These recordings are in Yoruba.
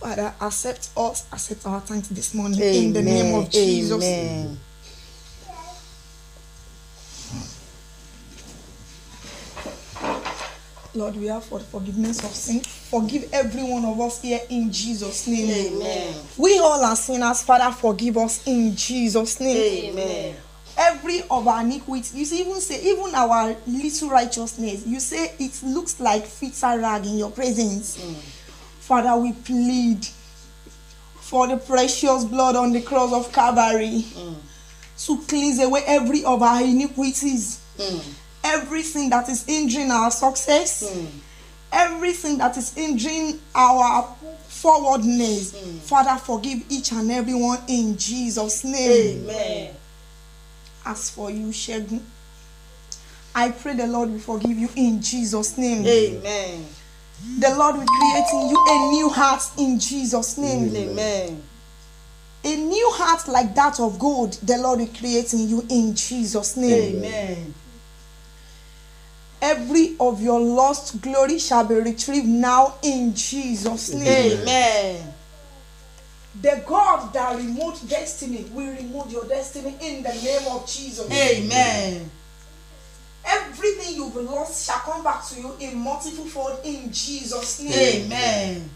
Father, accept us, accept our thanks this morning Amen. in the name of Jesus. Amen. Lord, we ask for the forgiveness of sin. Forgive every one of us here in Jesus' name. Amen. We all are sinners. Father, forgive us in Jesus' name. Amen. Every of our iniquity, you see, even say, even our little righteousness, you say it looks like filter rag in your presence. Mm. Father, we plead for the precious blood on the cross of Calvary mm. to cleanse away every of our iniquities, mm. everything that is hindering our success, mm. everything that is hindering our forwardness. Mm. Father, forgive each and every one in Jesus' name. Amen. As for you, Shegun, I pray the Lord will forgive you in Jesus' name. Amen. The Lord will create in you a new heart in Jesus' name. Amen. A new heart like that of God. the Lord will create in you in Jesus' name. Amen. Every of your lost glory shall be retrieved now in Jesus' name. Amen. The God that removed destiny will remove your destiny in the name of Jesus. Amen. Amen. Everything you've lost shall come back to you in multiple fold in Jesus' name. Amen.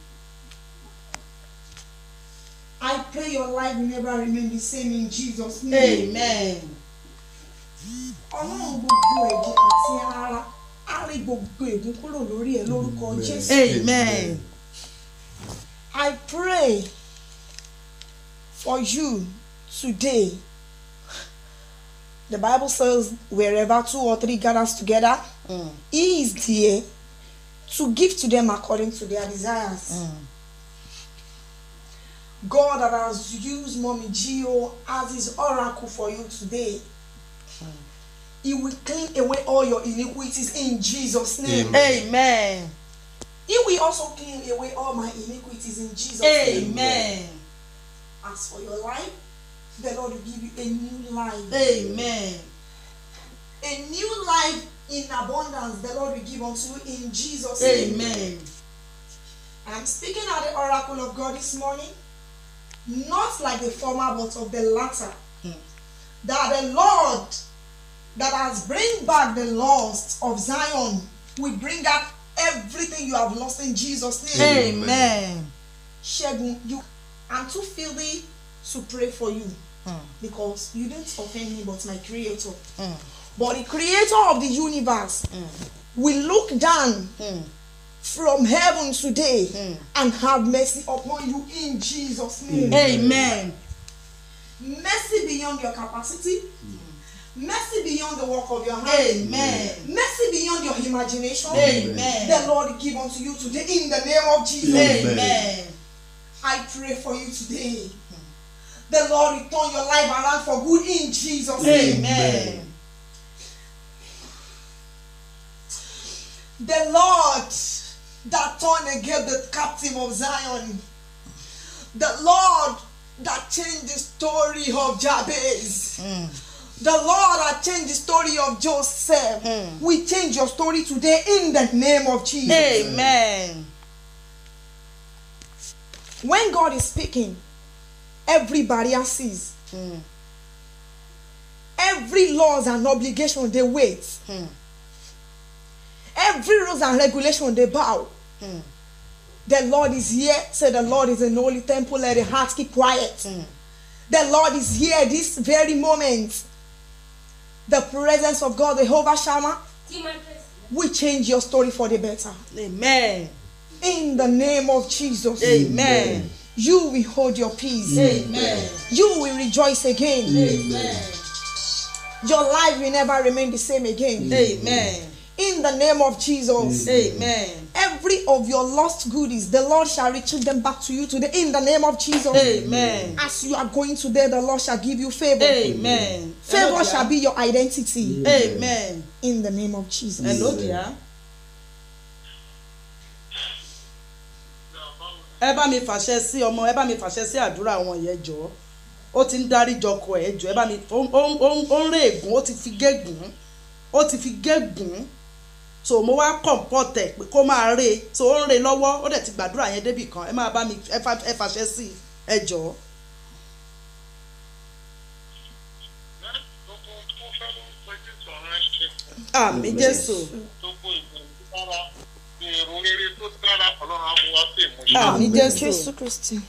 I pray your life will never remain the same in Jesus' name. Amen. Ọlọ́run gbogbo ẹ̀jẹ̀ àti ara á rí gbogbo ègún kúrò lórí ẹ lórúkọ Jésù. Amen. I pray for you today. The Bible says, wherever two or three gathers together, mm. He is there to give to them according to their desires. Mm. God that has used Mommy Geo as his oracle for you today. Mm. He will clean away all your iniquities in Jesus' name. Amen. Amen. He will also clean away all my iniquities in Jesus' Amen. name. Amen. As for your life, the Lord will give you a new life. Amen. A new life in abundance the Lord will give unto you in Jesus' name. Amen. I'm speaking at the oracle of God this morning, not like the former, but of the latter. Hmm. That the Lord that has bring back the lost of Zion will bring back everything you have lost in Jesus' name. Amen. Amen. Shegun, you I'm too filthy to pray for you. Hmm. because you didn't offend me, but my creator. Mm. But the creator of the universe hmm. will look down hmm. from heaven today and have mercy upon you in Jesus' name. Amen. Mercy beyond your capacity. Mercy beyond the work of your hand. Amen. Mercy beyond your imagination. Amen. The Lord give unto you today in the name of Jesus. Amen. I pray for you today the Lord return your life around for good in Jesus' name. Amen. Amen. The Lord that turned again the captive of Zion. The Lord that changed the story of Jabez. Mm. The Lord that changed the story of Joseph. Mm. We change your story today in the name of Jesus. Amen. When God is speaking, every barrier cease mm. every laws and obligation they wait mm. every rules and regulation they bow mm. the lord is here say the lord is in holy temple let the hmm. heart keep quiet mm. the lord is here this very moment the presence of god jehovah Shama, we change your story for the better amen in the name of jesus amen. amen. you will hold your peace. Amen. You will rejoice again. Amen. Your life will never remain the same again. Amen. In the name of Jesus. Amen. Every of your lost goodies, the Lord shall return them back to you today. In the name of Jesus. Amen. As you are going today, the Lord shall give you favor. Amen. Favor Hello, shall be your identity. Amen. In the name of Jesus. Hello, ẹ bá mi fàṣẹ sí ọmọ ẹ bá mi fàṣẹ sí àdúrà wọn yẹn jọ ó ti ń darí jọkọ ẹ jọ ẹ bá mi ó ń rè ègún ó ti fi gégùn ó ti fi gégùn so mo wá kọ̀ǹpọ̀tẹ̀ pé kó máa rè so ó ń rè lọ́wọ́ ó dẹ̀ ti gbàdúrà yẹn débì kan ẹ máa bá mi ẹ fàṣẹ sí ẹ jọ. àmì jésù. gbogbo ìgbà tó dára èrò rere tó dára ah sí ìmúṣẹ. àmì jésù kristi.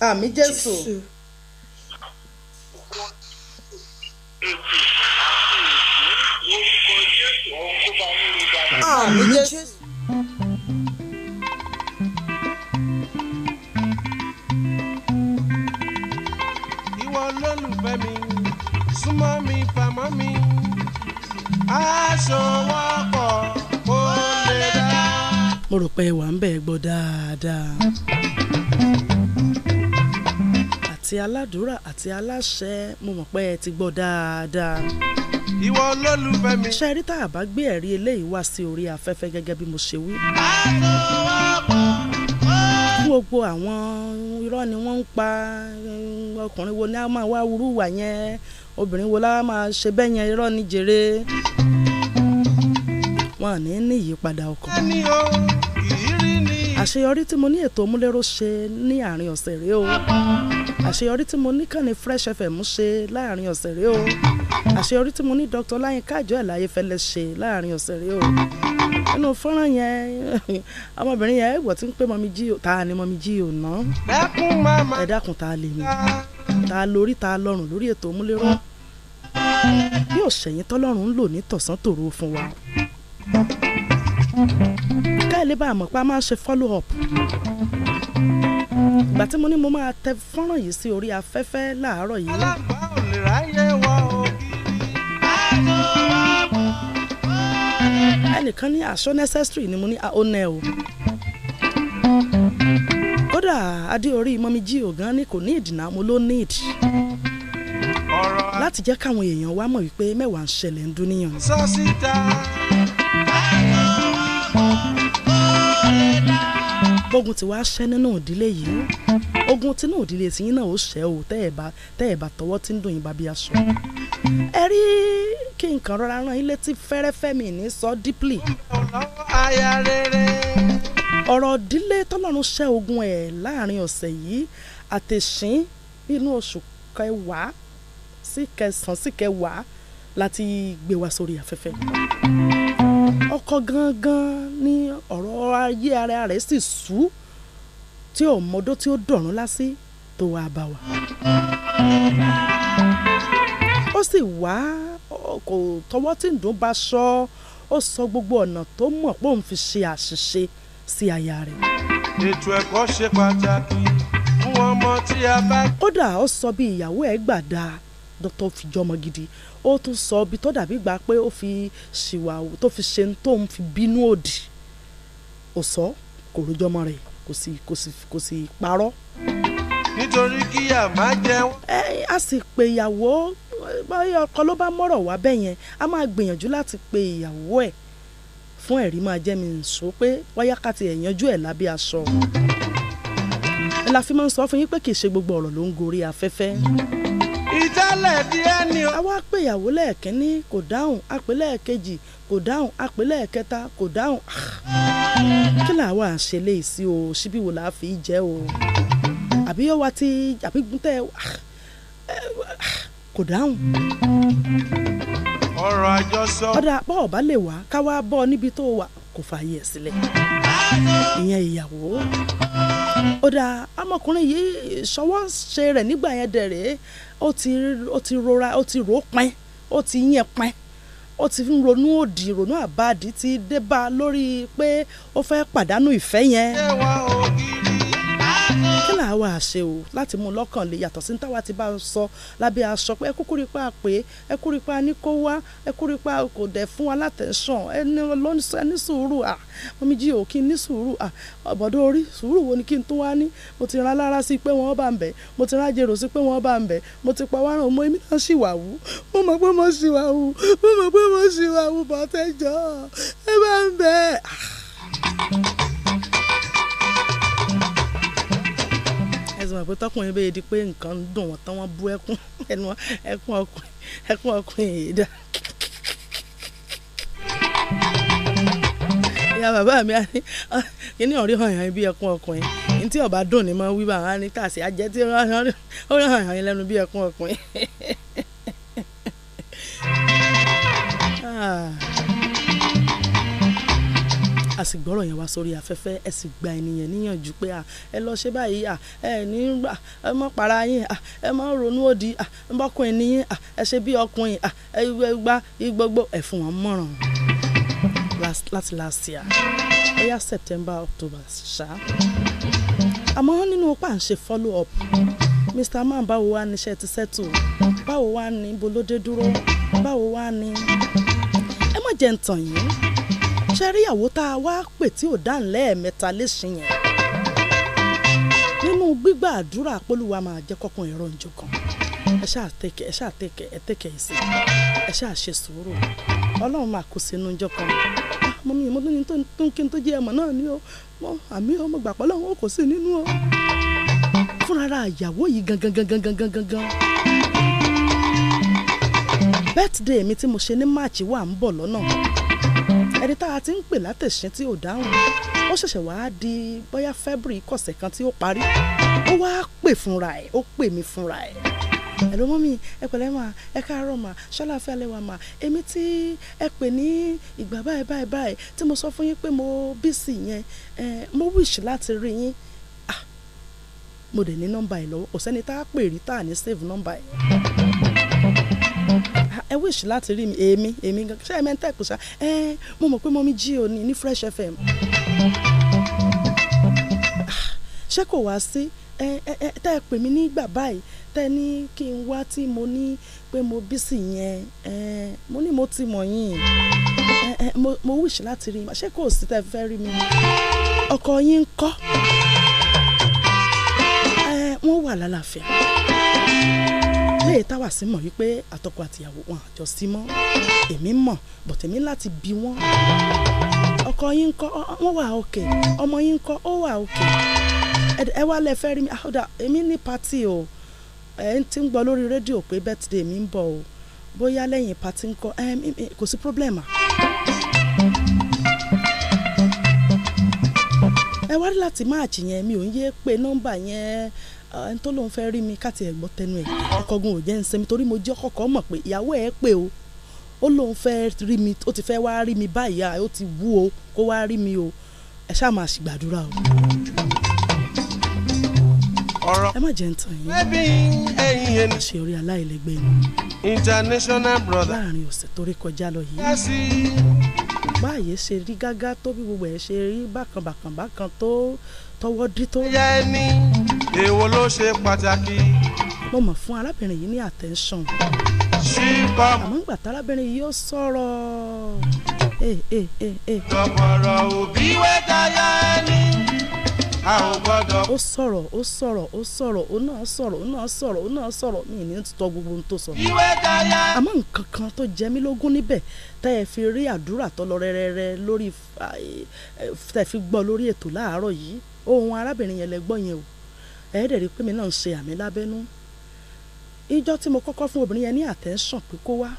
ohun rò pé wà ń bẹ̀ gbọ́ dáadáa. àti aládùúrà àti aláṣẹ mo mọ̀ pé ẹ ti gbọ́ dáadáa. ìwọ olólùfẹ́ mi. ṣe rí tá a bá gbé ẹ̀rí eléyìí wá sí orí afẹ́fẹ́ gẹ́gẹ́ bí mo ṣe wí. gbogbo àwọn irọ́ ni wọ́n ń pa ọkùnrin wo ni a máa wá wúrúwà yẹn obìnrin wo la máa ṣe bẹ́ẹ̀ yẹn irọ́ ni jèrè wọn ò ní ní ìyípadà ọkàn àṣeyọrí tí mo ní ètò múlẹ́rọ ṣe ní àárín ọ̀sẹ̀ rèé o àṣeyọrí tí mo ní kàn Fresh FM ṣe láàárín ọ̀sẹ̀ rèé o àṣeyọrí tí mo ní Dr. Láyínká àjọ ẹ̀láyé fẹ́lẹ́ ṣe láàárín ọ̀sẹ̀ rèé o nínú fọ́nrán yẹn ọmọbìnrin yẹn ẹ̀wọ̀ tí ń pè mọ́mí jí ta ni mọ́mí jí ò ná ẹ dákun ta lè mi ta lórí ta lọ́rùn lórí ètò múlẹ́rọ bí òṣèyìn tọ́lọ́run ń lò ní tọ̀sán tòru fún wa. thank ẹ lè bá a mọ̀ pé a máa ṣe follow up ìgbà tí mo ní mo máa tẹ fọ́nrán yìí sí orí afẹ́fẹ́ láàárọ̀ yìí. aláǹbá ò lè ráyè wọ ògiri. ẹnìkan ní aṣọ necessary ni mo ní aonẹ o kódà adé orí mọ́mí jí ògán ni kò ní ìdìnnà mo ló ní ìdí láti jẹ́ káwọn èèyàn wá mọ̀ wípé mẹ́wàá ń ṣẹlẹ̀ ń dún bógun ti wá ṣẹ́ nínú ìdílé yìí ogun tinú ìdílé tiyín náà ó ṣẹ́ o tẹ́ ẹ̀ tọwọ́ tí ń dùn yín bá bí aṣọ. ẹ rí kí nǹkan rọra rán ilé tí fẹ́rẹ́fẹ́ mi ní sọ dípìlì. ọ̀rọ̀ ìdílé tọ́lọ́run ṣẹ́ ogun ẹ̀ láàrin ọ̀sẹ̀ yìí àtẹ̀sín inú oṣù kẹwàá sí kẹsàn-án sí kẹwàá láti gbé wa sórí afẹ́fẹ́ ọkọ gangan ni ọ̀rọ̀ ayé ara rẹ̀ sì sú tí ò mọdó tí ó dọ̀rùn lásì tó wàá bá wa. ó sì wá kò tọwọ́ tí ń dùn bá ṣọ́ ó sọ gbogbo ọ̀nà tó mọ̀ pé òun fi ṣe àṣìṣe sí aya rẹ̀. ètò ẹ̀kọ́ ṣe pàtàkì fún ọmọ tí a bá. kódà ó sọ bí ìyàwó ẹ̀ gbà dáa dr fìjọmọ gidi ó tún sọ ibi tó dàbí gbà pé ó fi ṣìwà tó fi ṣe tó ń fi bínú òdì ò sọ kò rojọ́ mọ́ rẹ̀ kò sì kò sì kò sì parọ́. nítorí kíyà má jẹun. ẹ a sì pe ìyàwó báyọ̀ ọkọ ló bá mọ̀rọ̀ wá bẹ́ẹ̀ yẹn a máa gbìyànjú láti pe ìyàwó ẹ̀ fún ẹ̀rí máa jẹ́ mi sọ pé wáyákàtì ẹ̀yanjú ẹ̀ lábẹ́ aṣọ. ẹ la fi máa ń sọ fún yín pé kì í ṣe gbogbo ọ̀rọ̀ ló ń gorí afẹ́fẹ́ ìtẹ́lẹ̀ díẹ̀ ni. a wá pé ìyàwó lẹ́ẹ̀kínní kò dáhùn a pè lẹ́ẹ̀kejì kò dáhùn a pè lẹ́ẹ̀kẹta kò dáhùn. kí làwọn à ń ṣe léyìí sí o síbí wo làá fi jẹ́ o àbí yóò wá tí àbí gúntẹ́ kò dáhùn. ọ̀rọ̀ àjọsọ. ọ̀dà bọ́ ọ̀bá lè wá ká wá bọ́ ọ níbi tó wà kò fààyè sílẹ̀ ìyẹn ìyàwó ó ọmọkùnrin yìí ṣọwọ́ ṣe rẹ̀ nígbà yẹn dẹ̀ rèé ó ti ó ti rora ó ti rò pin ó ti yẹn pin ó ti ń ronú òdì ronú àbáàdì ti dé bá a lórí pé ó fẹ́ pàdánù ìfẹ́ yẹn. ṣé wàá ògì là wà á ṣe o láti mú lọ́kàn lè yàtọ̀ sí ní táwa ti bá sọ lábẹ́ aṣọ pé ẹkú kúrípa pé ẹkú rípa ní kó wá ẹkú rípa kò dẹ̀ fún wa látẹ̀sán ẹni lọ́nìṣọ́ ẹni sùúrù à omi jí òkín ní sùúrù à ọ̀bọ̀dọ̀ orí sùúrù wo ni kí n tún wá ní mo ti ran alára sí pé wọ́n bá ń bẹ̀ mo ti ran ajérò sí pé wọ́n bá ń bẹ̀ mo ti pa wárán mo èmi náà ṣì wà wú mo mọ̀ pé mo ṣì wà wú mo mọ̀ pé mo ṣì wà wú bọ́tẹ́jọ́ ẹ bá ń bẹ̀. ẹ sọ pé tọkùnrin bẹ́ẹ̀ di pé nǹkan ń dùn wọ́n tán wọ́n bú ẹkún ẹnu ẹkún ọkùnrin ẹkún ọkùnrin yìí dá. ìyá bàbá mi ah, kíní ọ̀rí hàn yàn bí ẹkún ọkùnrin ní ọba dùn ní mọ wíwá wọn ní tàṣí ajẹ́ tí ó rí hàn yàn lẹ́nu bí ẹkún ọkùnrin. Ah a sì gbọ́rọ̀ yẹn wá sórí afẹ́fẹ́ ẹ sì gba ènìyàn níyànjú pé à ẹ lọ ṣe báyìí à ẹ ní gbà ẹ mọ́ para yín à ẹ mọ́ ronú òdì à ẹ bọ́kùnrin níyìn à ẹ ṣe bí ọkùnrin à ẹ gba gbogbo ẹ fún wọn mọ̀ràn láti last year bóyá September October ṣá àmọ́ nínú pàǹṣe follow up Mr. Man báwo wá ní iṣẹ́ ti settle báwo wá ní bolódé dúró báwo wá ní ẹ má jẹ́ ń tàn yín. ṣe rí wa tá a wá pè tí ò dáhùn lẹ́ẹ̀mẹ́ta léṣin yẹn nínú gbígbà àdúrà pólúwa máa jẹ́ kan ẹ ṣáà tẹkẹ ẹ ṣáà tẹkẹ ẹ tẹkẹ ẹ sí kan ah, mọ mi ìmọ̀tò ní tó ń kí n tó ni ó mọ àmì ọmọ gbàpọ̀ lọ́hùn ó kò sí nínú o fúnra ìyàwó yìí gangan gangan gangan mi mo ṣe ní wà ń bọ̀ ẹni tá a ti ń pè látẹ̀sẹ̀ tí ò dáhùn ó ṣẹ̀ṣẹ̀ wáá di bóyá February kọ̀sẹ̀ kan tí ó parí ó wáá pè fúnra ẹ̀ ó pè mí fúnra ẹ̀ ẹ ló ẹ pẹ̀lẹ́ mà ẹ káàárọ̀ mà ṣáláfẹ́ alẹ́ wa mà èmi tí ẹ pè ní ìgbà báyìí báyìí báyìí tí mo sọ fún yín pé mo bísí yẹn mo wíṣì láti rí yín ah, mo dẹ̀ ní nọ́mbà ẹ̀ lọ́wọ́ kò sẹ́ni tá a pè rí tá a ní save nọ́mbà ẹ̀ ẹ wíṣ láti rí mi èmi èmi gan ṣé ẹ mẹ́ta ẹ̀kú ṣá ẹ mo mọ̀ pé mo mi jí o ní ní Fresh FM ṣé kò wá sí ẹ ẹ tẹ́ ẹ pè mí nígbà báyìí tẹ́ ní kí n wá tí mo ní pé mo bí sí yẹn ẹ mo ní mo ti mọ̀ yín ẹ ẹ mo wíṣ láti rí mi ṣé kò sí tẹ́ fẹ́ rí mi ọkọ yín ń kọ́ wọ́n wà lálàáfíà léyìí táwa sí mọ̀ wípé àtọkọ àtìyàwó wọn àjọ sí mọ́ èmi mọ̀ bọ̀tẹ̀mí láti bí wọ́n ọkọ yín kọ́ wọ́n wà òkè ọmọ yín kọ́ ó wà òkè ẹ wá lẹ fẹ́ rí mi àhọ́dà ah, èmi ní pati o ẹ ti ń gbọ́ lórí rédíò pé birthday mi ń bọ̀ o bóyá lẹ́yìn pati ń kọ́ kò sí problem ẹ wá rí láti máàcì yẹn mi ò ń yé pé nọ́mbà yẹn ẹni tó lóun fẹ́ rí mi káti ẹ̀gbọ́n tẹnu ẹ̀ ọkọ̀gun ò jẹ́ ń sẹ́mi torí mo jẹ́ kọ̀kọ́ mọ̀ pé ìyàwó ẹ̀ pé o ó lóun fẹ́ rí mi ó ti fẹ́ wá rí mi báyìí ó ti wú o kó wá rí mi o ẹ ṣáà máa ṣègbàdúrà o ọ̀rọ̀. ẹ má jẹ́ ń tàn yín. ẹbí ẹyin ṣe orí aláìlẹ́gbẹ́ ni. international brother. láàrin ọ̀sẹ̀ tó rí kọjá lọ yìí. báyé ṣe rí gágá tó bí gbogbo ẹ̀ ṣe rí bákan bákan bákan tó tọwọ́ dí tó. ìyá ẹni èwo ló ṣe pàtàkì. mo mọ̀ fún arábìnrin yìí ní attention. ṣí kọ́. àmọ́ ńgbà tárábìnrin yìí ó sọ̀rọ̀. tọkọrọ òbí wé táyà ẹni a ò gbọ́dọ̀. ó sọ̀rọ̀ ó sọ̀rọ̀ ó sọ̀rọ̀ ó náà sọ̀rọ̀ ó náà sọ̀rọ̀ ó náà sọ̀rọ̀ mi ní tọ́ gbogbo ohun tó sọ. ìwé dayà. àmọ́ nǹkan kan tó jẹ mí lógún níbẹ̀ tẹ́ ẹ fi rí àdúrà tó lọ rẹ́rẹ́rẹ́ lórí tẹ́ ẹ fi gbọ́ lórí ètò láàárọ̀ yìí ohun arábìnrin yẹn lẹ gbọ́ yẹn o ẹ̀ẹ́dẹ̀ rí pé mi náà ń ṣe àmì lábẹ́nú ìjọ́ tí mo kọ́kọ́ fún obìnrin yẹn ní àtẹ́ńsàn pé kó wá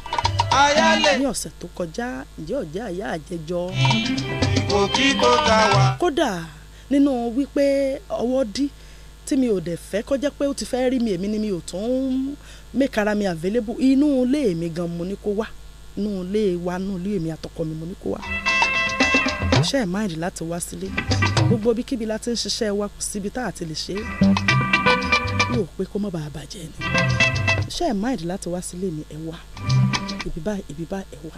ní ọ̀sẹ̀ tó kọjá ìjẹ́ ọ̀jẹ́ àyà àjẹjọ. kódà nínú wípé ọwọ́ dí tí mi ò dẹ̀ fẹ́ kọjá pé ó ti fẹ́ rí mi èmi ni mi ò tún mẹ́kara mi available inú ilé mi gan mo ní kó wá inú ilé wa inú ilé mi àtọkọ mi mo ní kó wá. ṣé ẹ̀ máìlì láti wá sílé gbogbo ibikíbi la ti ń ṣiṣẹ́ wa kò síbi tá a ti lè ṣe é yóò pé kó má bàa bàjẹ́ ni ṣé ẹ̀ máìd láti wá sílé mi ẹ̀ wá ibi báyìí ibi báyìí ẹ̀ wá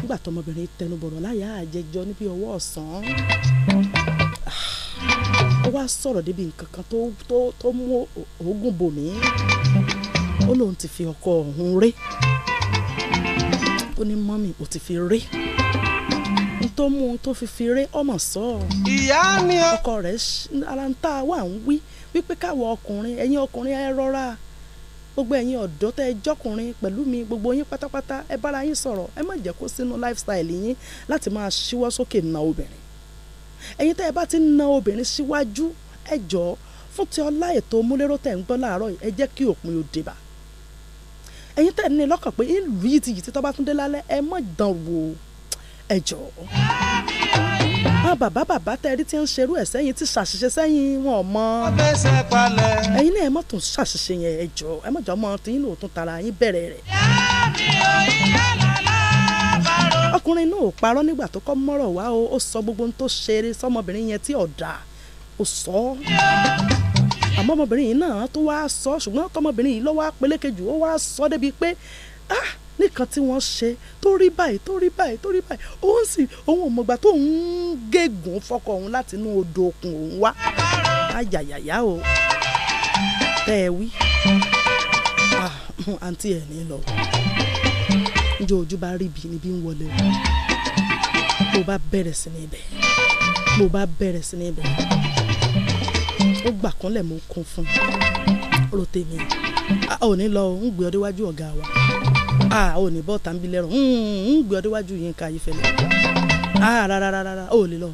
nígbà tọmọbìnrin tẹnubọ̀rọ̀ láyà àjẹjọ níbi ọwọ́ ọ̀sán ó wá sọ̀rọ̀ débi nǹkan kan tó mú òógùn bò mí ó lóun ti fi ọkọ ọ̀hún ré ó ní mọ́mì ó ti fi ré n tó mú un tó fi fi ré ọmọ sọ ọ. ìyá ni ọ. ọkọ rẹ̀ ara wà ń wí wípé káwọ ọkùnrin ẹ̀yin ọkùnrin ẹ rọra gbogbo ẹ̀yin ọ̀dọ́ tẹ́ ẹ jọkùnrin pẹ̀lú mi gbogbo yín pátápátá ẹ bára yín sọ̀rọ̀ ẹ má jẹ́ kó sínú lifestyle yín láti máa ṣíwọ́ sókè na obìnrin ẹ̀yin tẹ́ ẹ bá ti na obìnrin síwájú ẹ jọ fún ti ọlá ètò múlẹ́rọ́ tẹ́ ń gbọ́ láàárọ̀ ẹ jẹ́ kí òpin ò dé bá ẹ̀yin tẹ́ ẹ ní lọ́kàn pé ìlú yìí ti yìí ti tọ́ bá tún dé lálẹ́ ẹ má dán wò ó ẹ jọ̀ọ́. àwọn bàbá bàbá tẹ́rí tí ń ṣerú ẹ̀ sẹ́yìn ti ṣàṣìṣe sẹ́yìn wọn ò mọ. ẹ̀yin náà ẹ mọ̀ tún ṣàṣìṣe yẹn ẹ jọ̀ọ́ ẹ mọ̀ jọ́ mọ́ tí yín lò tún tara yín bẹ̀rẹ̀ rẹ̀. ọkùnrin náà ò parọ́ nígbà tó kọ́ mọ́rọ̀ wá o ó sọ gbogbo ohun tó ṣeré sọmọbìnrin yẹn tí ọ̀dà ó sọ ọ́ àmọ́ ọmọbìnrin yìí náà tó wá sọ ṣùgbọ́n tọmọbìnrin yìí lọ́wọ́ pelékejì ó wá sọ débi pé ah nìkan tí wọ́n ṣe tó rí báyìí tó rí báyìí tó rí báyìí òun sì òun ò mọ̀gbà tó ń gégùn fọkọ òun láti inú odò òkun òun wá ayàyàyà o tẹ́ ẹ wí ah, àǹtí ẹ̀ ní lọ njẹ́ ojú bá rí níbi ń wọlé mo bá bẹ̀rẹ̀ sí ní ibẹ̀ mo bá bẹ̀rẹ̀ sí ní ibẹ̀ ó gbà kúnlẹ̀ mo kún fún un rò a ò ní lọ ń gbé ọ déwájú ọ̀gá wa a ah, ah, ò ní bọ́ tàbí lẹ́rùn ń gbé ọdún wájú yín ká yìí fẹ́lẹ́ a ah, rárá rárá ó lè lọ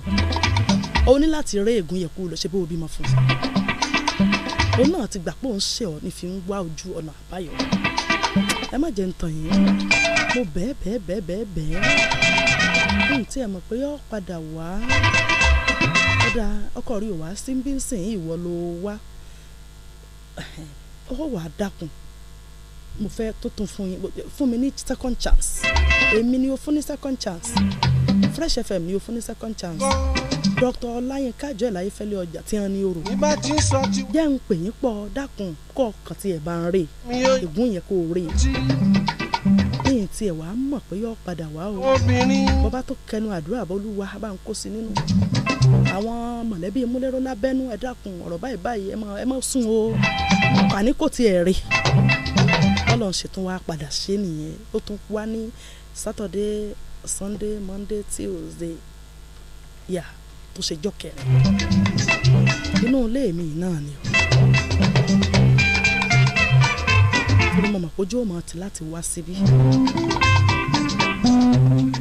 o ní láti ré ègún yẹ kú lọ ṣe bó o bímọ fún un òun náà ti gbà pé òun ṣe ọ ní fi ń wá ojú ọ̀nà àbáyọ ẹ má jẹ́ ń tàn yín mo bẹ́ẹ̀ bẹ́ẹ̀ bẹ́ẹ̀ bẹ́ẹ̀ bẹ́ẹ̀ ní tí ẹ mọ̀ pé ó padà wá kódà ọkọ rí ò wá sí bí ń sìn ìwọ ló wá ó wà dákun mo fẹ́ tó tún fún yín fún mi ní second chance èmi ni o fún ní second chance Fresh FM ni o fún ní second chance Dr. Ọláyínká àjọ ìlàyé fẹ́lẹ́ ọjà tí wọ́n ní orò jẹ́ ń pè yín pọ̀ dákun kọ́ ọ̀kan tí ẹ̀ bá ń rè ègún yẹn kò rè lẹ́yìn tí ẹ̀ wá mọ̀ pé yọ padà wá o bọ́bá tó kẹnu àdúrà bọ́lúwa bá ń kó sí nínú àwọn mọ̀lẹ́bí múlẹ́rọ́ lábẹ́nú ẹ̀ dákun ọ̀rọ̀ báyìí báyìí ẹ̀ mọ̀ sùn o àní kò tiẹ̀ rè bọ́lọ̀ ṣe tún wá padà ṣe nìyẹn ó tún wá ní Saturday Sunday Monday Tuesday yà tó ṣe jọ́ inú ilé mi náà ni o mọ̀ pé ojú ò láti wá síbí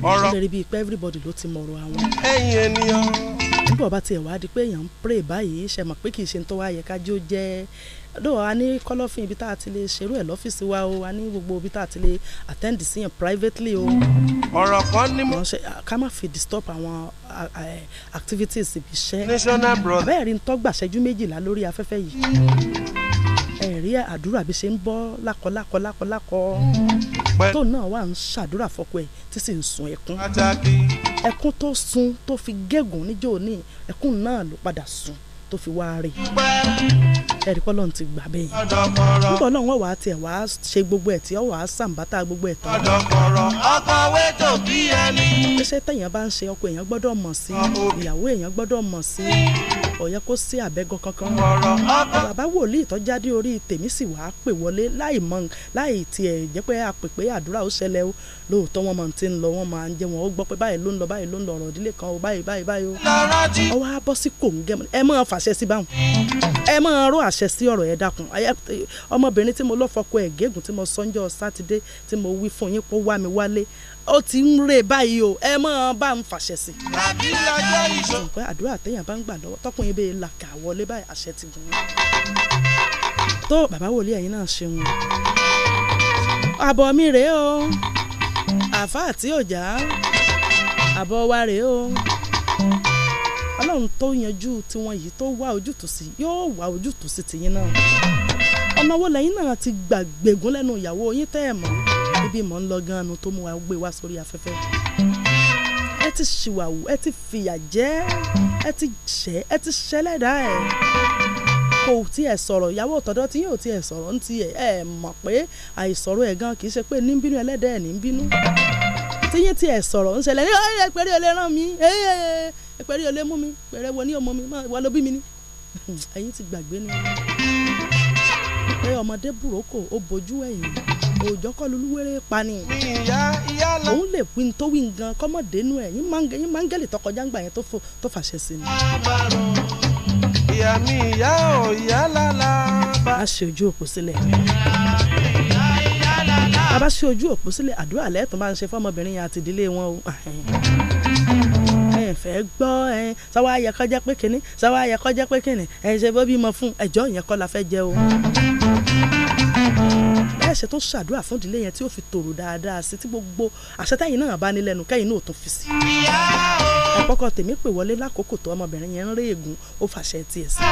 ọ̀rọ̀ lórí bíi pé everybody ló ti mọ̀rọ̀ àwọn. ẹ̀yin ènìyàn bọ̀ bá tiẹ̀ wá di pé èèyàn ń pray báyìí ṣe mọ̀ pé kì í ṣe tó wá yẹ ká jó jẹ́ dóò a ní kọ́lọ́fín ibi tá a ti lè ṣerú ẹ̀ lọ́fíìsì wa o a ní gbogbo ibi tá a ti lè attend sí yàn privately o. ọ̀rọ̀ kan ní mo. ká má fi disturb àwọn activities ibi iṣẹ́. national broad. bẹ́ẹ̀ rí tọ́gbà ṣẹ́jú méjìlá lórí afẹ́fẹ́ yìí ẹ̀rí àdúrà bí ṣe ń bọ́ lákọ lákọ lákọ lákọ tó náà wà ń ṣàdúrà fọkọ ẹ̀ tí sì ń sun ẹkún ẹkún tó sun tó fi gégùn níjó ní ẹkún náà ló padà sun tó fi wá rè ẹ̀rí pọ́ lọ́n ti gbà bẹ́ẹ̀ yẹn nígbà náà wọ́n wà á tiẹ̀ wà á ṣe gbogbo ẹ̀ tí ó wà á sàǹbátà gbogbo ẹ̀ tán. ọ̀dọ̀kọ̀rọ̀ ọkọ̀wé tó bí ẹni. iṣẹ́ tẹ̀yàn bá ń ṣe ọkọ èèyàn gbọ́dọ̀ mọ̀ sí ìyàwó èèyàn gbọ́dọ̀ mọ̀ sí ọ̀yẹ́ kó sí àbẹ́gọ́ kankan. bàbá wòlíì tó jáde orí tèmi sì wàá pè wọlé láì mọ láì tiẹ̀ jẹ́ pé àpèpé àdúrà ó ṣẹlẹ̀ o lóòótọ́ wọn máa ti ń lọ wọn máa ń jẹ wọn ó gbọ́ pé báyìí ló ń lọ báyìí ló ń lọ ọ̀rọ̀ ìdílé kan o báyìí báyìí báyìí o. ọwọ́ á sí kòńgẹ́ ẹ máa fàṣ àṣẹ sí báwọn ẹ máa ró àṣẹ sí ọ̀rọ̀ ẹ dákun ọmọbìnrin tí mo lọ fọkọ ẹ gégùn tí mo sọ́njọ́ sátidé tí mo wí fún yín pé wá mi wálé ó ti ń rè báyìí o ẹ máa bá ń fàṣẹ sí. àbí lọ́jọ́ ìṣó. ìpè àdúrà téèyàn bá ń gbà lọ́wọ́ tọkùnrin bẹ́ẹ̀ là kà wọlé báyìí àṣẹ ti gùn. tó bàbá wòlíì ẹ̀yin náà ṣeun o. àbọ̀ mi rèé o àfáà tí ò já àbọ̀ wa rèé o ọlọ́run tó yanjú tiwọn yìí tó wá ojútùú sí yóò wá ojútùú sí tìyín náà ọ̀nà wo lẹ́yìn náà ti gbàgbégún lẹ́nu ìyàwó yín tẹ́ ẹ̀ mọ́ ibi mọ̀ ń lọ gan-an tó mú wa gbé wá sórí afẹ́fẹ́ ẹ ti ṣìwàwù ẹ ti fìyà jẹ ẹ ti ṣẹ ẹ ti ṣẹlẹ́dà ẹ̀ kò tí ẹ sọ̀rọ̀ ìyàwó tọ̀dọ̀ tí yóò tí ẹ sọ̀rọ̀ ń tiẹ̀ ẹ mọ̀ pé àìsọ̀rọ̀ ẹ̀ gan kì í ṣe pé ní bínú ẹlẹ́dẹ̀ ẹ̀ ní bínú tí yín tí ẹ sọ̀rọ̀ ń ṣẹlẹ̀ ẹ pẹ̀lú ẹ lè ràn mí ẹ pẹ̀rẹ́ olè mú mi pẹ̀rẹ́ wo ni ó mi wà ló bí mi ni ẹ̀yin ti gbàgbé ni pé ọmọdé burúkú ó bojú ẹ̀yìn òòjọ́ kọ́ lulúwẹ́rẹ́ pani òun lè pin tó wí gan. kọ́mọ̀dénú ẹ̀ yín máńgẹ́lì tọkọjá ń gbà yẹn tó fàṣẹ sí ni. ìyá mi ìyá ò yá lálá. a ṣe ojú òpó sílẹ̀ a bá ṣe ojú òpó sílẹ̀ àdúrà lẹ́ẹ̀tún bá ń ṣe fọ́mọbìnrin yẹn àti ìdílé wọn o fẹ́ gbọ́ ẹ sáwá yẹ kó jẹ́ pé kínní sáwá yẹ kó jẹ́ pé kínní ẹ ṣe bó bímọ fún ẹjọ́ yẹn kọ́ la fẹ́ jẹ o. bẹ́ẹ̀ ṣe tó ṣàdúrà fún ìdílé yẹn tí ó fi tòrò dáadáa sí tí gbogbo àṣetẹ́yìn náà bá nílẹ̀nu kẹ́yìn náà tún fi sí. àkọ́kọ́ tèmi pè wọlé lákòókò tó ọmọbìnrin yẹn ń rí ègún ó fàṣẹ tiẹ̀ sí.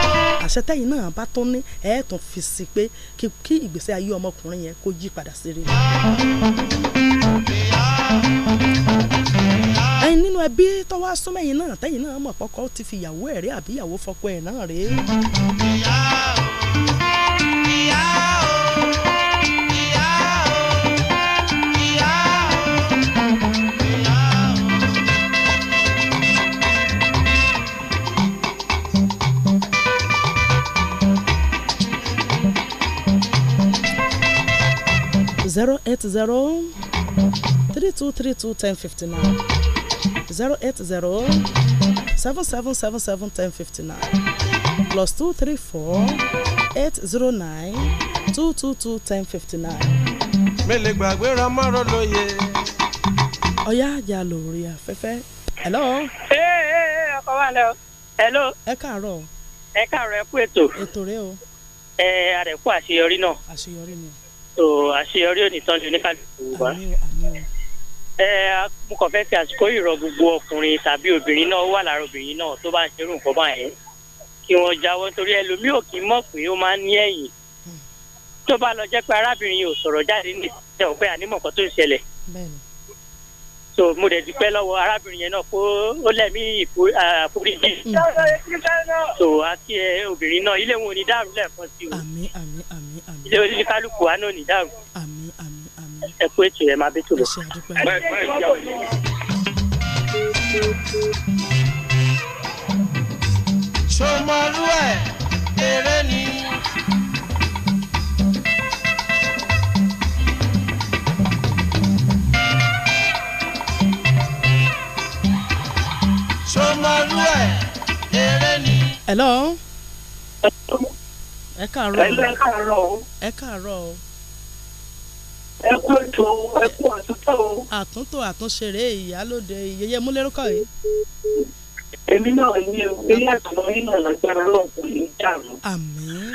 àṣetẹ́yìn náà bá tó ní ẹ̀ tún fi sí pé kí ìgbésẹ̀ ayé ọmọkùnrin yẹn kó yí padà sí rere nínú ẹbí tó wá súnmọ́ ẹ̀yin náà tẹ́yin náà mọ̀ pọ́kọ ti fi ìyàwó ẹ̀ rí àbí ìyàwó fọkọ ẹ̀ náà rí. zero eight zero three two three two ten fifty nine. 080 7777 1059 plus 234 809 222 1059. mele gbàgbé ra mọ́rọ̀ lóye. ọ̀yá àjà lórí afẹ́fẹ́. hello. ẹ ẹ ẹ ọkọ wa lẹ. hello. ẹ káàárọ̀. ẹ káàárọ̀ ẹ kú ètò. ètò rẹ o. ẹ àrẹ̀kú àṣeyọrí náà. àṣeyọrí ni. tó àṣeyọrí ò ní tán ju oníkàlùkù wa. àmì o àmì o ẹ mo kàn fẹ́ fi àsìkò ìrọ̀ gbogbo ọkùnrin tàbí obìnrin náà ó wà lára obìnrin náà tó bá ń ṣerú nǹkan báyẹn kí wọ́n jáwọ́ torí ẹlòmíì ò kì í mọ̀ pé ó máa ń ní ẹ̀yìn tó bá lọ jẹ́ pé arábìnrin yìí ò sọ̀rọ̀ jáde ní ìṣẹ́ òpẹ́ ànímọ̀ kan tó ń ṣẹlẹ̀ so mo dẹ̀ dúpẹ́ lọ́wọ́ arábìnrin yẹn náà kó ó lẹ̀mí ìforíjì mm. so àti obìnrin náà ilé wọn ò ní dàrú lẹ́ẹ̀kan sí o ilé oníkálukú wa ò ní dàrú ẹ kú ètò yẹn máa dé tòló. sọmọlú ẹ eré ni. sọmọlú ẹ eré ni. hello. ẹ káàárọ̀ ẹ káàárọ̀ o ẹ kú ètò ẹ kú àtúntò. àtúntò àtúnṣeré ìyálòde ìyẹyẹ múlẹ́rọ́kọ̀ yìí. èmi náà ní ilé àtúntò yìí náà lágbára náà kò ní dàrú. àmín.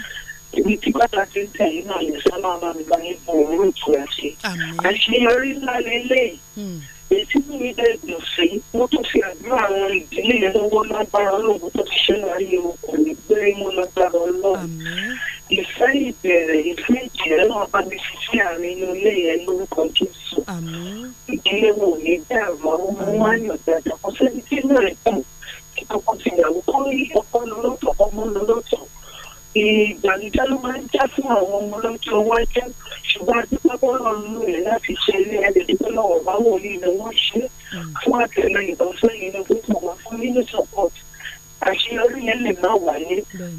ibi tí bàtà ti ń tẹ̀ yìí náà yẹn sábà máa ń gba ipò òórùn ìtura sí. àmín. àṣeyọrí ńlá lélẹ̀ hmm. èsì mi ní ẹgbẹ́ sí mo tún fi àdúrà àwọn ìdílé lọ́wọ́ lágbára lóògùn tó ti ṣe láàyè okùn ní gbérímù lágbára ọlọ́run ìfẹ́ ìbẹ̀rẹ̀ ìfẹ́ ìjẹ́ náà bá mi ṣiṣẹ́ àárín inú ilé yẹn lórúkọ jésù ìdílé wo ní bẹ́ẹ̀ mọ́ ó mú wáyọ̀ dáadáa kó sẹ́ni tí inú rẹ̀ dùn kí tọkọ tìyàwó kó rí ọkọ lọ lọ́tọ̀ ọmọ lọ lọ́tọ̀ ìgbàlódé ló máa ń já fún àwọn ọmọ lọ́jọ́ iwájú ṣùgbọ́n adúgbò bọ́lá ló rẹ̀ láti ṣe ilé ẹlẹ́dẹ́gbẹ́ lọ́wọ́ báwo mm. ni ilẹ̀ wọ́n ṣe fún àtẹ̀lẹ́ ìbáfẹ́yìn ní gbogbo wọn fún nínú support àṣeyọrí yẹn lè má wáyé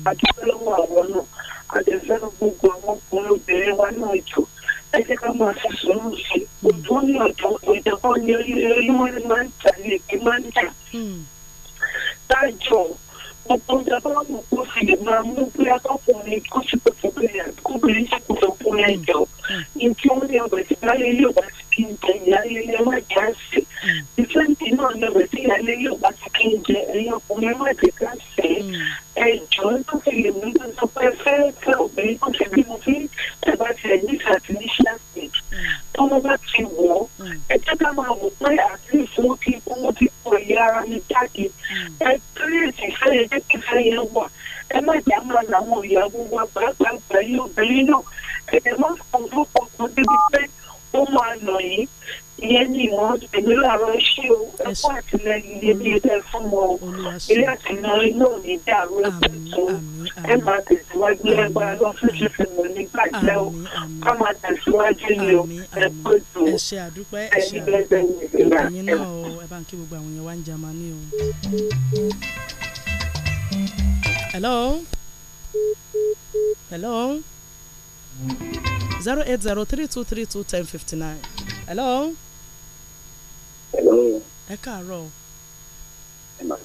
adúgbò lọ́wọ́ àwọn náà adesero concordo com o meu à noite. Aí chegamos a solução, o dono do cuida o ele, ele manda ali, que manda. Tá, João. ọ̀pọ̀lọpọ̀ ọlọ́run kó sì lè máa mú bí akọ́kùnrin kó sì kó fún bẹ́ẹ̀ kóbìnrin sì kó fún fún ẹ̀jọ̀ ní kí wọ́n lè ọ̀bẹ̀ sí láyélé ọ̀bá sí kí n jẹ ìyáléle má jẹ́ àṣẹ ìfẹ́ǹtì náà lè ọ̀bẹ̀ sí ìyáléle ọ̀bá sí kí n jẹ ẹ̀yìn ọkùnrin má jẹ́ ká ṣe ẹ̀jọ̀ tó fi lè mú bí sọ pé fẹ́ẹ́ fẹ́ obìnrin kó ṣe bí mo fi tẹ̀ bá ti ẹ̀ tó wọ́n bá ti wọ̀ ọ́ ẹ jẹ́ ká máa wò pé àtúnṣe ó ti kú ó ti kọ ẹ̀yà ara mi jáde hmm. ẹ kírèsì fẹ́rẹ̀ jẹ́ kí fẹ́rẹ̀ yẹn wà ẹ má jà máa làwọn ìyàwó wa pàápàá pẹ̀lú obìnrin náà ẹ má fọwọ́ ọkàn débi pé ó máa nà yín ìyẹn ní ìwọ̀n èmi làwọn iṣẹ́ o ẹ̀kọ́ àtìlẹ́yìn ilé bí ẹ fún wọn o ilé àtìlẹ́yìn náà ní dàrú ẹ̀kọ́ tó ẹ máa tẹ̀síwájú ẹgbàá lọ fún ṣíṣe mọ̀ nígbà jẹ́ o ká máa tẹ̀síwájú ni o ẹ̀kọ́ tó ẹ̀yìn lẹ́gbẹ̀ẹ́ ìgbéra ẹ̀kọ́. Hello. Hello. zero eight zero three two three two ten fifty nine. Hello? ẹ káàárọ̀ o.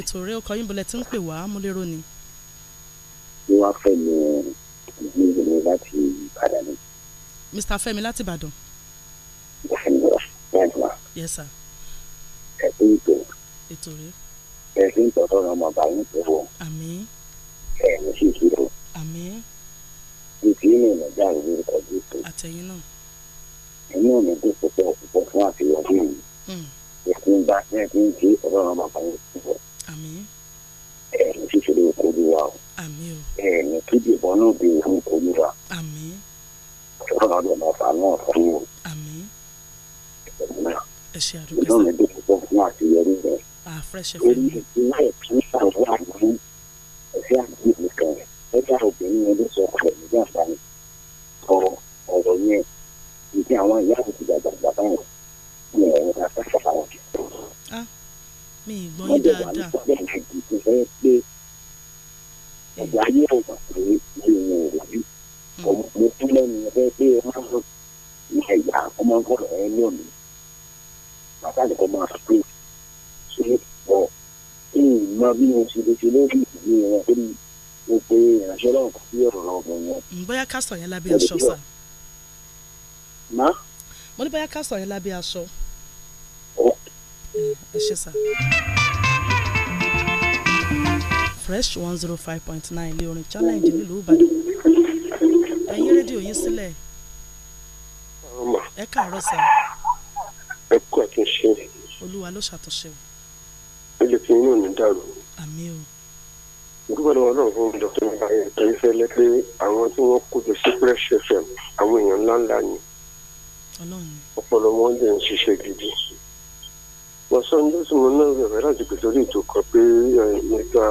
ètò rẹ ọkọ yín bọ̀lẹ̀ tí ń pè wá múlẹ́rọ ni. wọ́n fẹ́ mi ìgbìmọ̀ láti Ìbàdàn ni. Mr. Fẹ́mi láti Ìbàdàn. yes sir. ẹ ti ń pè. ètò rẹ. ẹ ti ń tọ́tọ́ ọmọ ọba yín tó wọ. àmín. ẹ ní sí ìṣirò. àmín. ìdí ni ìmọ̀jà ìwé ìkọjú tó. àtẹ̀yìn náà ẹni ò ní tó púpọ̀ púpọ̀ fún àṣeyọrí yìí ẹkún bá ẹkún tí ọlọ́run bá bá yẹn púpọ̀ ẹni ṣíṣeré òkúrú wa o ẹni kíbi ìbọn náà bí ìlú òkúrú wa ọlọ́run ọdún ọ̀fà náà fún o inú mi dùn púpọ̀ fún àṣeyọrí rẹ̀ orí ìpínlẹ̀ ìpínlẹ̀ àwọn àgbọ̀n ẹ̀fẹ́ àgbọ̀n nìkan ẹ̀dá obìnrin ẹni sọ pẹ̀lú àǹfààní ọ̀rọ̀ yẹn ìdí ah, àwọn ìyá àti ìjàgbà bàbá yẹn ni ẹ̀rọ ta fẹ́ fọ́ àwọn jù. mi ì gbọ́ yín dáadáa. wọ́n bẹ̀rẹ̀ àti ìdí fẹ́ pé ọ̀gá ayé ọ̀gá pé mi ò wò rí. mo tún lẹ́nu ẹgbẹ́ pé ẹ máa ń sọ ìyá ìyá ọmọ ń bọ̀rọ̀ ẹ ní òní. bàbá mi kò máa pè ṣé ọ̀ kí n mọ bí mo ṣe lè ṣe lórí ìdílé wọn pé mo pe ìránṣẹ́ náà kò sí ọ̀rọ̀ ọ̀gbìn yẹn. bóyá ká sọ yẹn lábẹ́ aṣọ sáà ma. mo ní bóyá ká sọ yín lábẹ́ aṣọ. Oh. ẹ ṣe sá. fresh one zero five point nine ilé orin challenge nílùú ìbàdàn ẹ̀yin rédíò yín sílẹ̀ ẹ káàárọ̀ sá. ẹ kú àtúnṣe. olúwa ló ṣàtúnṣe o. ilé tí inú mi dàrú. àmín o dúpẹ́ lọ́wọ́ náà fún dr ayẹyẹ tó ń fẹ́ lẹ́pẹ́ àwọn tí wọ́n kó jọ sí fresh fm àwọn èèyàn ńláńlá ni ọpọlọ wọn lè ń ṣiṣẹ́ gidi wọ́n sọ ní lọ́sùn mọ́ náà rẹ̀ láti pèsè orí ètò kan pé nípa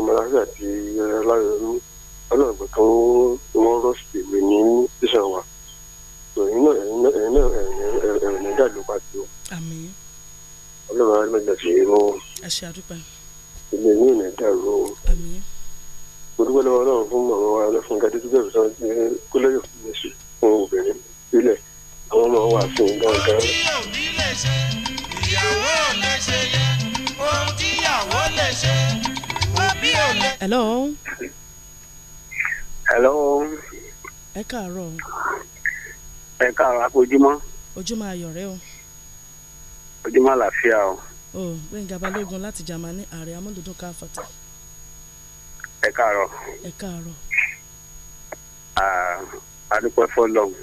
ọmọláṣẹ àti ọlọ́run ọlọ́run tó wọ́n rọ́ọ̀sì ìwé ní tẹ̀sán wa ẹ̀yin náà ẹ̀yin náà ẹ̀yin náà dàlú pa tó. àmín. ọlọ́run á lọ́jà sí i lọ́wọ́. àṣẹ àdúpẹ́. ilé yìí náà dàrú o. àmín. olùkọ́ lọ́wọ́ ọlọ́run fún màmá wa fún gàdé tó bẹ̀rẹ̀ sọ́ọ́ kólóyè fún mi sí fún obìnrin sílẹ̀ àwọn ọmọ wa fún un gángan. òbí hello. hello. ẹ káàárọ̀. ẹ káàárọ̀ àpòjúmọ́. ojúmọ́ ayọ̀ rẹ o. ojúmọ́ àlàáfíà o. o gbẹ̀ngà balógun láti Jámánì ààrẹ amúlùdún káfọ́tà. ẹ káàárọ̀. ẹ káàárọ̀. àdúpẹ́ fọlọ́hún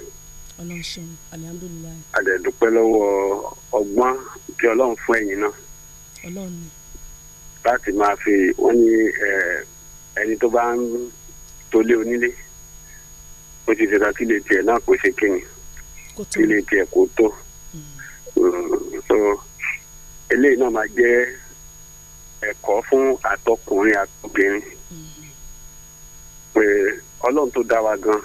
ọlọ́run ṣeun alihamdulilayi. àdẹ̀dúpẹ́ lọ́wọ́ ọgbọ́n tí ọlọ́run fún ẹ̀yin náà. ọlọ́run ni. láti máa fi wọ́n ní ẹni tó bá ń tolé onílé ó ti ṣẹ̀ka kí lè tiẹ̀ náà kó ṣe kíni kí lè tiẹ̀ kó tó. Mm. so eléyìí náà máa jẹ́ ẹ̀kọ́ fún àtọkùnrin àtọbìnrin mm. pé ọlọ́run tó dá wa gan-an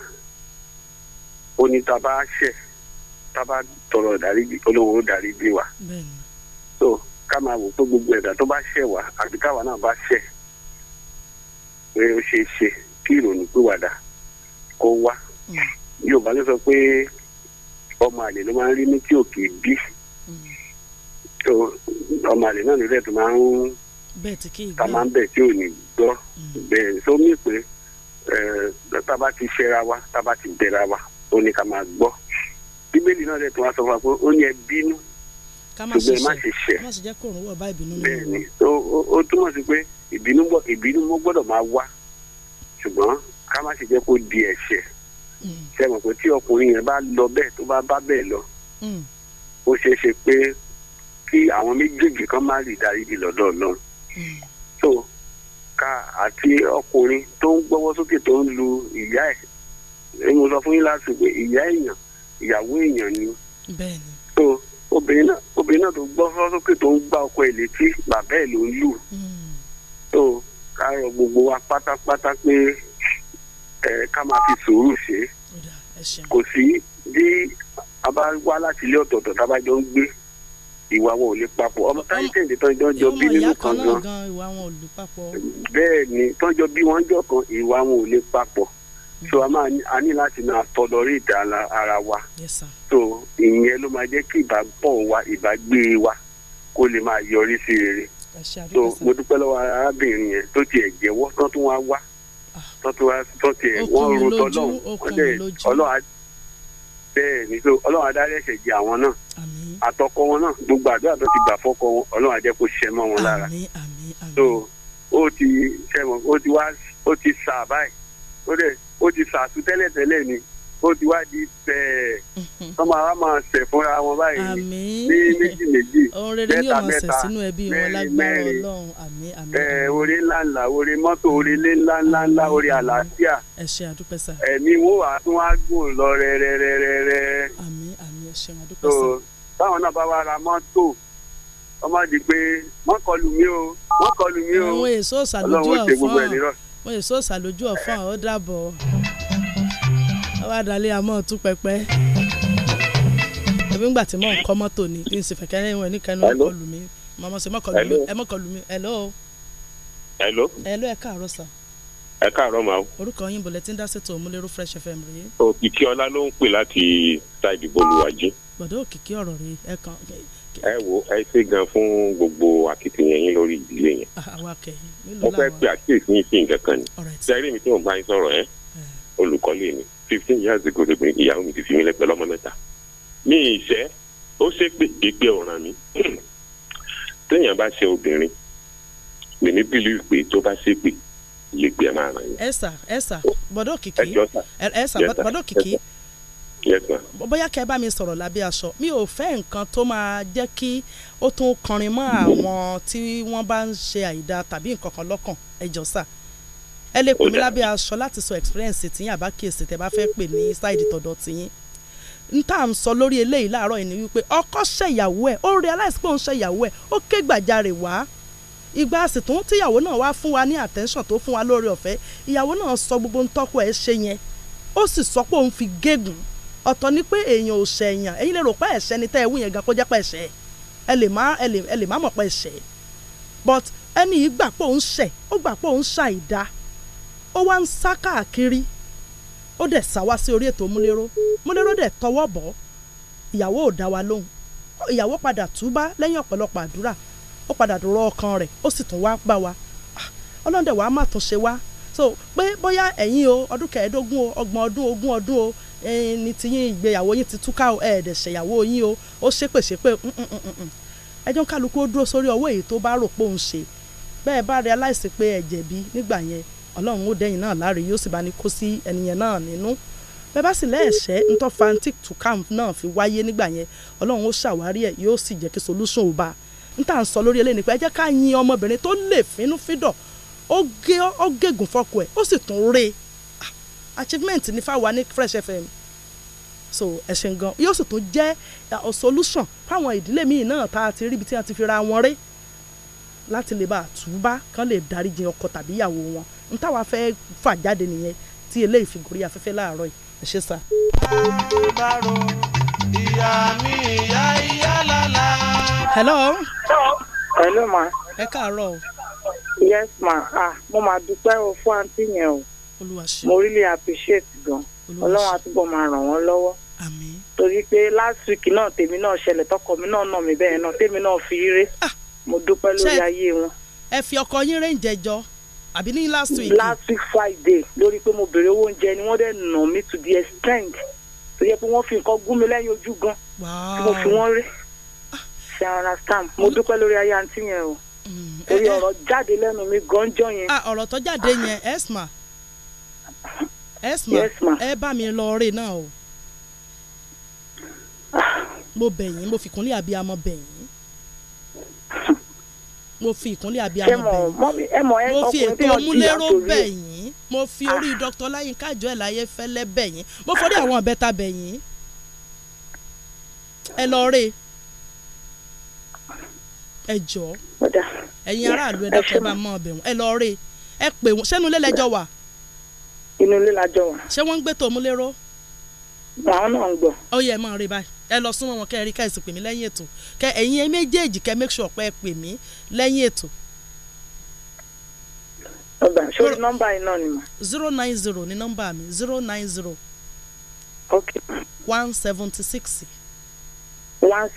ó ní tá a bá ṣẹ̀ tá a bá tọrọ ìdáríjì olówó dáríjì wa so ká máa wò pé gbogbo ẹ̀dá tó bá ṣẹ̀ wá àbí káwa náà bá ṣẹ̀ pé ó ṣe é ṣe kí ìrònú pìwàdà kó wá mm. Yorùbá ló sọ pé ọmọ àlè ló máa ń rí ní tí òkè bí tó mm. ọmọ àlè náà nílẹ̀ tó máa ń ta máa ń bẹ̀ tí ò ní gbọ́ mm. bẹ́ẹ̀ tó pé tá ti ṣẹra wa tá ti bẹ̀ra wa ó ní ká máa gbọ́ bíbélì náà tẹ̀tún wá sọ fún wa pé ó ní ẹ bínú ṣùgbọ́n ẹ má ṣe ṣẹ̀ bẹ́ẹ̀ ni ó túmọ̀ sí pé ìbínú mo gbọ́dọ̀ máa wá ṣùgbọ́n ká má ṣe jẹ́ kó di ẹ̀ṣẹ̀ hmm. ṣe mọ̀ pé tí ọkùnrin yẹn bá lọ bẹ́ẹ̀ tó bá bá bẹ́ẹ̀ lọ hmm. ó ṣeé ṣe pé kí àwọn méjèèjì kan má rí ìdáríjì lọ́dọ̀ náà hmm. ká àti ọkùnrin tó ń gbọ́wọ́ sókè tó ń lu ìyá ẹ̀ mo sọ fún yín láti pé ìyá èèyàn ìyàwó èèyàn ni. bẹ́ẹ̀ni. tó obìnrin náà obìnrin náà tó gbọ́ sọ́sókè tó ń gbá ọkọ ẹ̀ létí bàbá ẹ̀ ló ń lù. tó hmm. káyọ̀ gbogbo wa pátápátá pé ká máa fi sùúrù ṣe. kò sí bí a bá wá láti ilé ọ̀tọ̀ọ̀tọ̀ tá a bá jọ ń gbé ìwà wọn ò lè papọ̀ ọmọ táyé kẹ́hìndé tó jọ jọ bí nínú kan gan bẹ́ẹ̀ ni tó ń jọ bí wọ́n jọ kan ìwà wọn ò lè papọ̀ so a máa a ní láti máa tọlọrí ìdára ara wa so ìyẹn ló máa jẹ́ kí ìbábọ̀ wa ìbágbé wa kó lè máa yọrí sí rere so mo dúpẹ́ lọ́wọ́ arábìnrin yẹn tó tiẹ̀ jẹ́wọ́ tán tó wá wá ah. tán tó wá tán tiẹ̀ wọ́n ro tọ́lọ́hún ọlọ́run bẹ́ẹ̀ ni so ọlọ́run adájọ́ ẹ̀ṣẹ̀ jẹ àwọn náà àtọkọ wọn náà gbogbo àdúrà tó ti gbà fọ́kọ wọn ọlọ́run ajẹ́ kó ṣẹ mọ́ wọn lára so ó ti ṣẹ́ mọ́ ó ti wá ó ti sà báyìí ó dẹ̀ ó ti sàtú tẹ́lẹ̀tẹ́lẹ̀ ni ó ti wá di tẹ̀ẹ̀ mhm. wọ́n máa wá máa ṣẹ̀ fúnra wọn báyìí ní méjì méjì mẹ́ta mẹ́ta mẹ́rin mẹ́rin oore ńláńlá oore mọ́tò oore lé ńláńláńlá oore àlàáfíà ẹ̀mí wo wàá tún wá gùn lọ rẹ́rẹ́rẹ́rẹ́ so náà bá wá ra mọ́tò ọmọ di pé wọ́n kọlù mí o wọ́n kọlù mí o ọlọ́run ó ṣe gbogbo ẹ̀ nírọ̀ mo lè sọ ṣàlójú ọ̀fọ̀n ó dàbọ̀ ọwọ́ àmọ́ tún pẹpẹ ẹbí ńgbà tí mò ń kọ́ mọ́tò ni tí n sì fẹ̀kẹ́ ẹ̀wọ̀n níkanu ọkọlù mi màmá sì mọ́kọlù mi ẹ mọ́kọlù mi hello. hello. hello ẹ káàárọ̀ sà. ẹ káàárọ̀ màá. orúkọ yín bọ̀lẹ́ tí ń dá sètò òmùlérò fresh fm rèé. òkìkí ọlá ló ń pè láti ṣáìdì bolùwàjì. gbọ̀dọ̀ òkìkí ọ̀rọ̀ rèé ẹ ẹ wo ẹ ṣe gan fún gbogbo akitiyan yín lórí ìdílé yẹn ah, mo fẹ́ pe àkíyèsí yín sí nǹkan kan ni sẹ́rí mi tí mo bá yín sọ̀rọ̀ ẹ eh. olùkọ́lé mi fifteen years ago lóbìnrin ìyàwó mi ti fi mí lẹ́pẹ́ lọ́mọ mẹ́ta mi ìṣẹ́ ó ṣe pé gbígbé ọ̀ràn mi téèyàn bá ṣe obìnrin lèmi bílíù pé tó bá ṣe pé lè gbé ẹ máa ràn yín. ẹ sà ẹ sà bọ́dọ̀ kìkì ẹ sà bọ́dọ̀ kìkì bóyá kẹ́ bá mi sọ̀rọ̀ lábẹ́ aṣọ mi ò fẹ́ nǹkan tó máa jẹ́ kí ó tún kọrin mọ́ àwọn tí wọ́n bá ń ṣe àìda tàbí nǹkan kan lọ́kàn ẹjọ́ sà ẹ lè pè mí lábẹ́ aṣọ láti sọ experience tí yín àbá kíyèsí bá fẹ́ pè ní ṣáìdì tọ̀dọ̀ tí yín n tá à ń sọ lórí eléyìí láàárọ̀ yìí ni wípé ọkọ ṣẹ̀yàwó ẹ̀ ó realize pé òun ṣẹ̀yàwó ẹ̀ ó ké gbàjarè wá ìgbà àsìtún tíyàwó náà wá fún wa ní attention tó fún wa lórí ọ̀fẹ́ ìyàwó náà sọ gbogbo ntọ́kọ ẹ̀ ṣe yẹn ó sì sọ pé òun fi gégùn ọ̀tọ̀ ni pé èèyàn ò ṣẹ̀yàn ẹ̀yin lè rò pé ẹ̀ṣẹ̀ ni tẹ́ ẹ wú yẹn gan kó jẹ́ pé ẹ̀ṣẹ̀ ẹ lè má ẹ lè má mọ̀ pé ẹ̀ṣẹ̀ but ẹni yìí gbà pé òun ṣẹ̀ ó gbà pé òun ṣàìdá ó wá ń sá káàkiri ó dẹ̀ sá wá sí orí ètò múlẹ́rọ́ múlẹ́rọ́ dẹ̀ tọwọ́ bọ̀ ìyàwó ò dá wa lóhùn ìyàwó padà túbá lẹ́yìn ọ̀pọ̀lọpọ̀ àdúrà ó padà dúró ọkàn rẹ̀ ó sì tún wá bá wa ah, ọlọ́dẹ̀ wàá má tún ṣe wá so pé bóyá ẹ̀yin o ọdún kẹẹ̀ẹ́dógún o ọgbọ̀n ọdún ogún ọdún o ní tiyín ìgbéyàwó yín ti túká ẹ ẹ̀dẹ̀ ṣèyàwó yín o ó ṣépè ṣépè ẹjọ́ kálukú ó dúró sórí ọwọ́ èyí tó bá rò pé òun ṣe bẹ́ẹ̀ bá realize pé ẹ jẹ̀bi nígbà yẹn ọlọ́run ó dẹ́yìn náà láre yóò sì bá ní kó sí ẹnìyẹn náà nínú bẹ́ẹ̀ bá sì lẹ́ẹ̀ṣẹ́ ntọ́ fantic to camp náà fi wáyé nígbà yẹn ọlọ́run ó ṣàwárí ẹ̀ yóò sì jẹ́ kí solution ò bá n tà ń sọ lórí eléyìí nípa ẹ jẹ́ ká yin ọmọbìnrin tó lè fínúfíndọ̀ ó gégùn fọ́kọ ẹ̀ ó sì tún rèé achievement ní fáwa ní Fresh FM so ẹ gan yóò sì tún jẹ́ solution fáwọn ìdílé míì náà tá a ti ríbi tí a ti fi ra wọn rí láti lè bá àtúbá kán lè dáríjì ọkọ tàbí ìyàwó wọn n táwa fẹ́ fà jáde nìyẹn tí eléyìí fi gòrí afẹ́fẹ́ láàárọ̀ yìí ẹ sá. hello. hello ma. ẹ káàárọ̀ o. yes ma ah mo máa dúpẹ́ o fún àǹtí yẹn o mo really appreciate gan ọlọ́run àtúbọ̀ máa ràn wọ́n lọ́wọ́ torí pé last week náà tèmi náà ṣẹlẹ̀ tọkọ mi náà nà mí bẹ́ẹ̀ náà tèmi náà fi ré ah! mo dúpẹ́ lórí ayé wọn. ẹ fi ọkọ yín rẹ̀ ń jẹjọ́ àbí ní last week. last week Friday lórí pé mo béèrè owó oúnjẹ ni wọ́n dẹ̀ nà mí to the extent tó yẹ pé wọ́n fi nǹkan gún mi lẹ́yìn ojú gan tí mo fi wọ́n rí ah! ṣe understand mo dúpẹ́ lórí ayé àǹtí yẹn o mm-hmm. torí eh, eh. ọ̀rọ̀ jáde lẹ́nu mi gan jọ yẹn. Ah, ọ̀rọ̀ tó jáde yẹn esma ẹ̀sùn ẹ bá mi lọ ọ̀rẹ́ náà o mo bẹ̀ mo fi ìkúnlẹ̀ abiyamọ bẹ̀ mo fi ìkúnlẹ̀ abiyamọ bẹ̀ mo fi ètò múlẹ́rọ̀ bẹ̀ mo fi orí Dr. Láyínká Joel Ayéfẹ́lẹ́ bẹ̀ yín mo forí àwọn ọ̀bẹ́ta bẹ̀ yín ẹ lọ rè ẹ jọ ẹ̀yin aráàlú ẹ dọ́kítà bá mọ̀ ọ̀bẹ̀ wọn ẹ lọ rè ẹ pè wọn sẹ́nu lẹ́lẹ́jọ wà. inú ilé la jọ wà. ṣé wọ́n ń gbé tòmúlérò. àwọn náà ń gbọ́. ó yẹ ẹ máa rí báyìí ẹ lọ súnmọ́ wọn kẹ́ ẹ rí ká sì pè mí lẹ́yìn ètò kẹ́ ẹ̀yin ẹ méjèèjì kẹ́ make sure pé ẹ pè mí ètò. ọgbà ni mà. zero ni mi zero nine zero. ok. one seventy six. one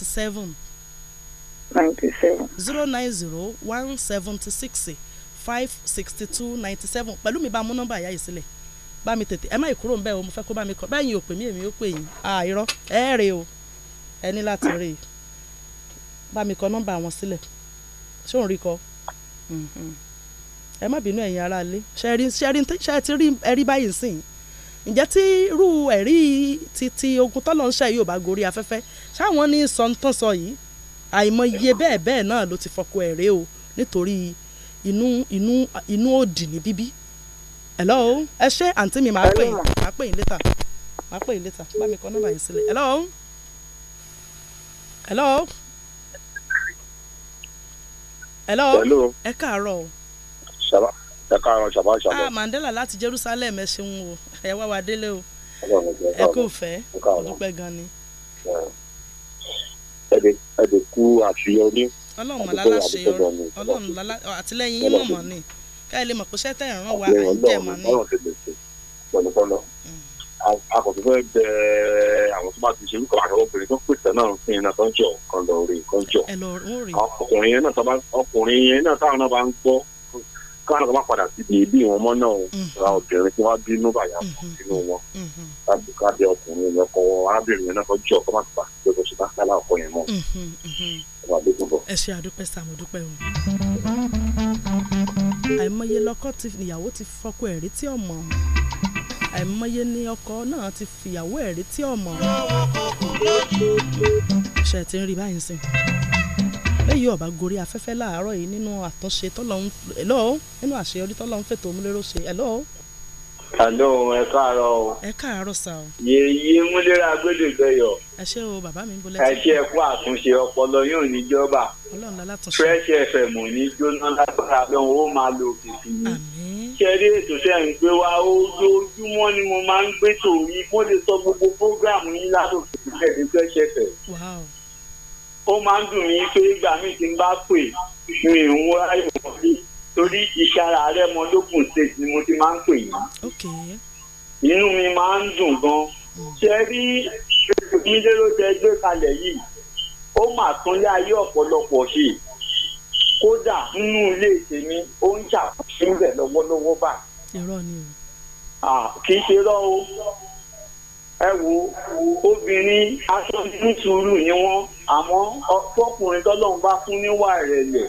seventy 97. 090 176 562 97 pẹ̀lú mi bá mú nọ́mbà ìyá yìí sílẹ̀ bá mi tètè ẹ má ìkúrò ń bẹ́ẹ̀ o mo fẹ́ kó bá mi kọ bẹ́ẹ̀ yín ò mí èmi ò pè yín àìrọ́ ẹ rè o ẹ ní láti rè é bá mi kọ nọ́mbà wọn sílẹ̀ ṣé òun rí kọ mm-hmm. ẹ má bínú ẹ̀yin ará ilé ṣe ti rí ẹrí báyìí nsìn ǹjẹ́ tí irú ẹ̀rí ti ti ogun tọ́lọ́ ń ṣe yóò bá gorí afẹ́fẹ́ ṣáwọn ní sọ ń tán sọ yìí àìmọye bẹ́ẹ̀ bẹ́ẹ̀ náà ló ti fọkọ ẹ̀ rèé o nítorí inú inú inú òdì ní bíbí. hello ẹ ṣé àǹtí mi màá pè yín màá pè yín létà màá pè yín létà bá mi kọ nọ́mbà yín sílẹ̀ hello hello hello ẹ káàárọ̀ o. ṣàbá ẹ káàárọ̀ ṣàbá ṣàbá. ah Mandela láti Jerusalem ẹ ṣeun o ẹ wá wa délé o ẹ kò fẹ́ ọdún gan ni ẹ̀dẹ̀ kú àṣeyọrí. ọlọ́run aláṣeyọrí ọlọ́run àtìlẹ́yìn yín mọ̀mọ́ ni ká ẹ lè mọ̀ pé sẹ́tẹ̀ ìran wa àyè tẹ̀ mọ́ ni. pọ̀lọpọ̀lọ akọ̀tún fẹ́ bẹ àwọn tó bá ti ṣe orúkọ àtàwọn obìnrin tó pèsè náà sí iná tó ń jọ kan lọ rè kan jọ ọkùnrin yẹn náà táwọn káwọn kan má padà síbi ibi ìwọ̀n mọ́ náà o mm-hmm. ra obìnrin tí wọ́n bínú bàyà nínú wọn mm-hmm. láti ká bẹ ọkùnrin ọkọ arábìnrin yẹn náà kọ́ jọ ọkọ́ má ti bà pé kò sí ọkọ yẹn mọ́ mm-hmm. ẹ ṣe àdúpẹ́ sàmù dúpẹ́ o àìmọye lọkọ tí ìyàwó ti fọkọ ẹ̀rí tí ọmọ àìmọye ni ọkọ náà ti fìyàwó ẹ̀rí tí ọmọ ṣe ti ń rí báyìí sìn léyìí ọba gorí afẹ́fẹ́ láàárọ̀ yìí nínú àtúnṣe tọ́lọ́hún ẹ̀lọ́ nínú àṣeyọrí tọ́lọ́hún fètò múlẹ́rọ ṣe ẹ̀lọ́. àlọ́ ẹ káàárọ̀ o. ẹ káàárọ̀ sá o. yèyí múlẹ́rọ agbẹ́dẹ̀gbẹ́yọ. ẹ ṣé o bàbá mi ń bolẹ́ ẹ ṣé ẹ kú àtúnṣe ọpọlọ yóò ní jọba. ọlọ́run lálá tọ̀ṣe. fresh fm ò ní jóná lágbára lọ́hùn ó máa lo òkè sí i. àmín ó máa ń dùn mí pé ìgbà míì tí n bá pè mi ò ń wá ìwọ̀n bí torí ìṣara rẹ mọ lókun state ni mo ti máa ń pè yín. inú mi máa ń dùn gan. ṣe rí ìdílé ló jẹ gbé kalẹ̀ yìí ó mà tún lé ayé ọ̀pọ̀lọpọ̀ ṣe kódà nínú ilé tèmi ó ń jà síbẹ̀ lọ́wọ́lọ́wọ́ báyìí. o. kì í ṣe irọ́ o ẹ wo obìnrin aṣọ nítorí ni wọ́n àmọ́ tọkùnrin tọ́lọ́run bá fún níwà ìrẹ̀lẹ̀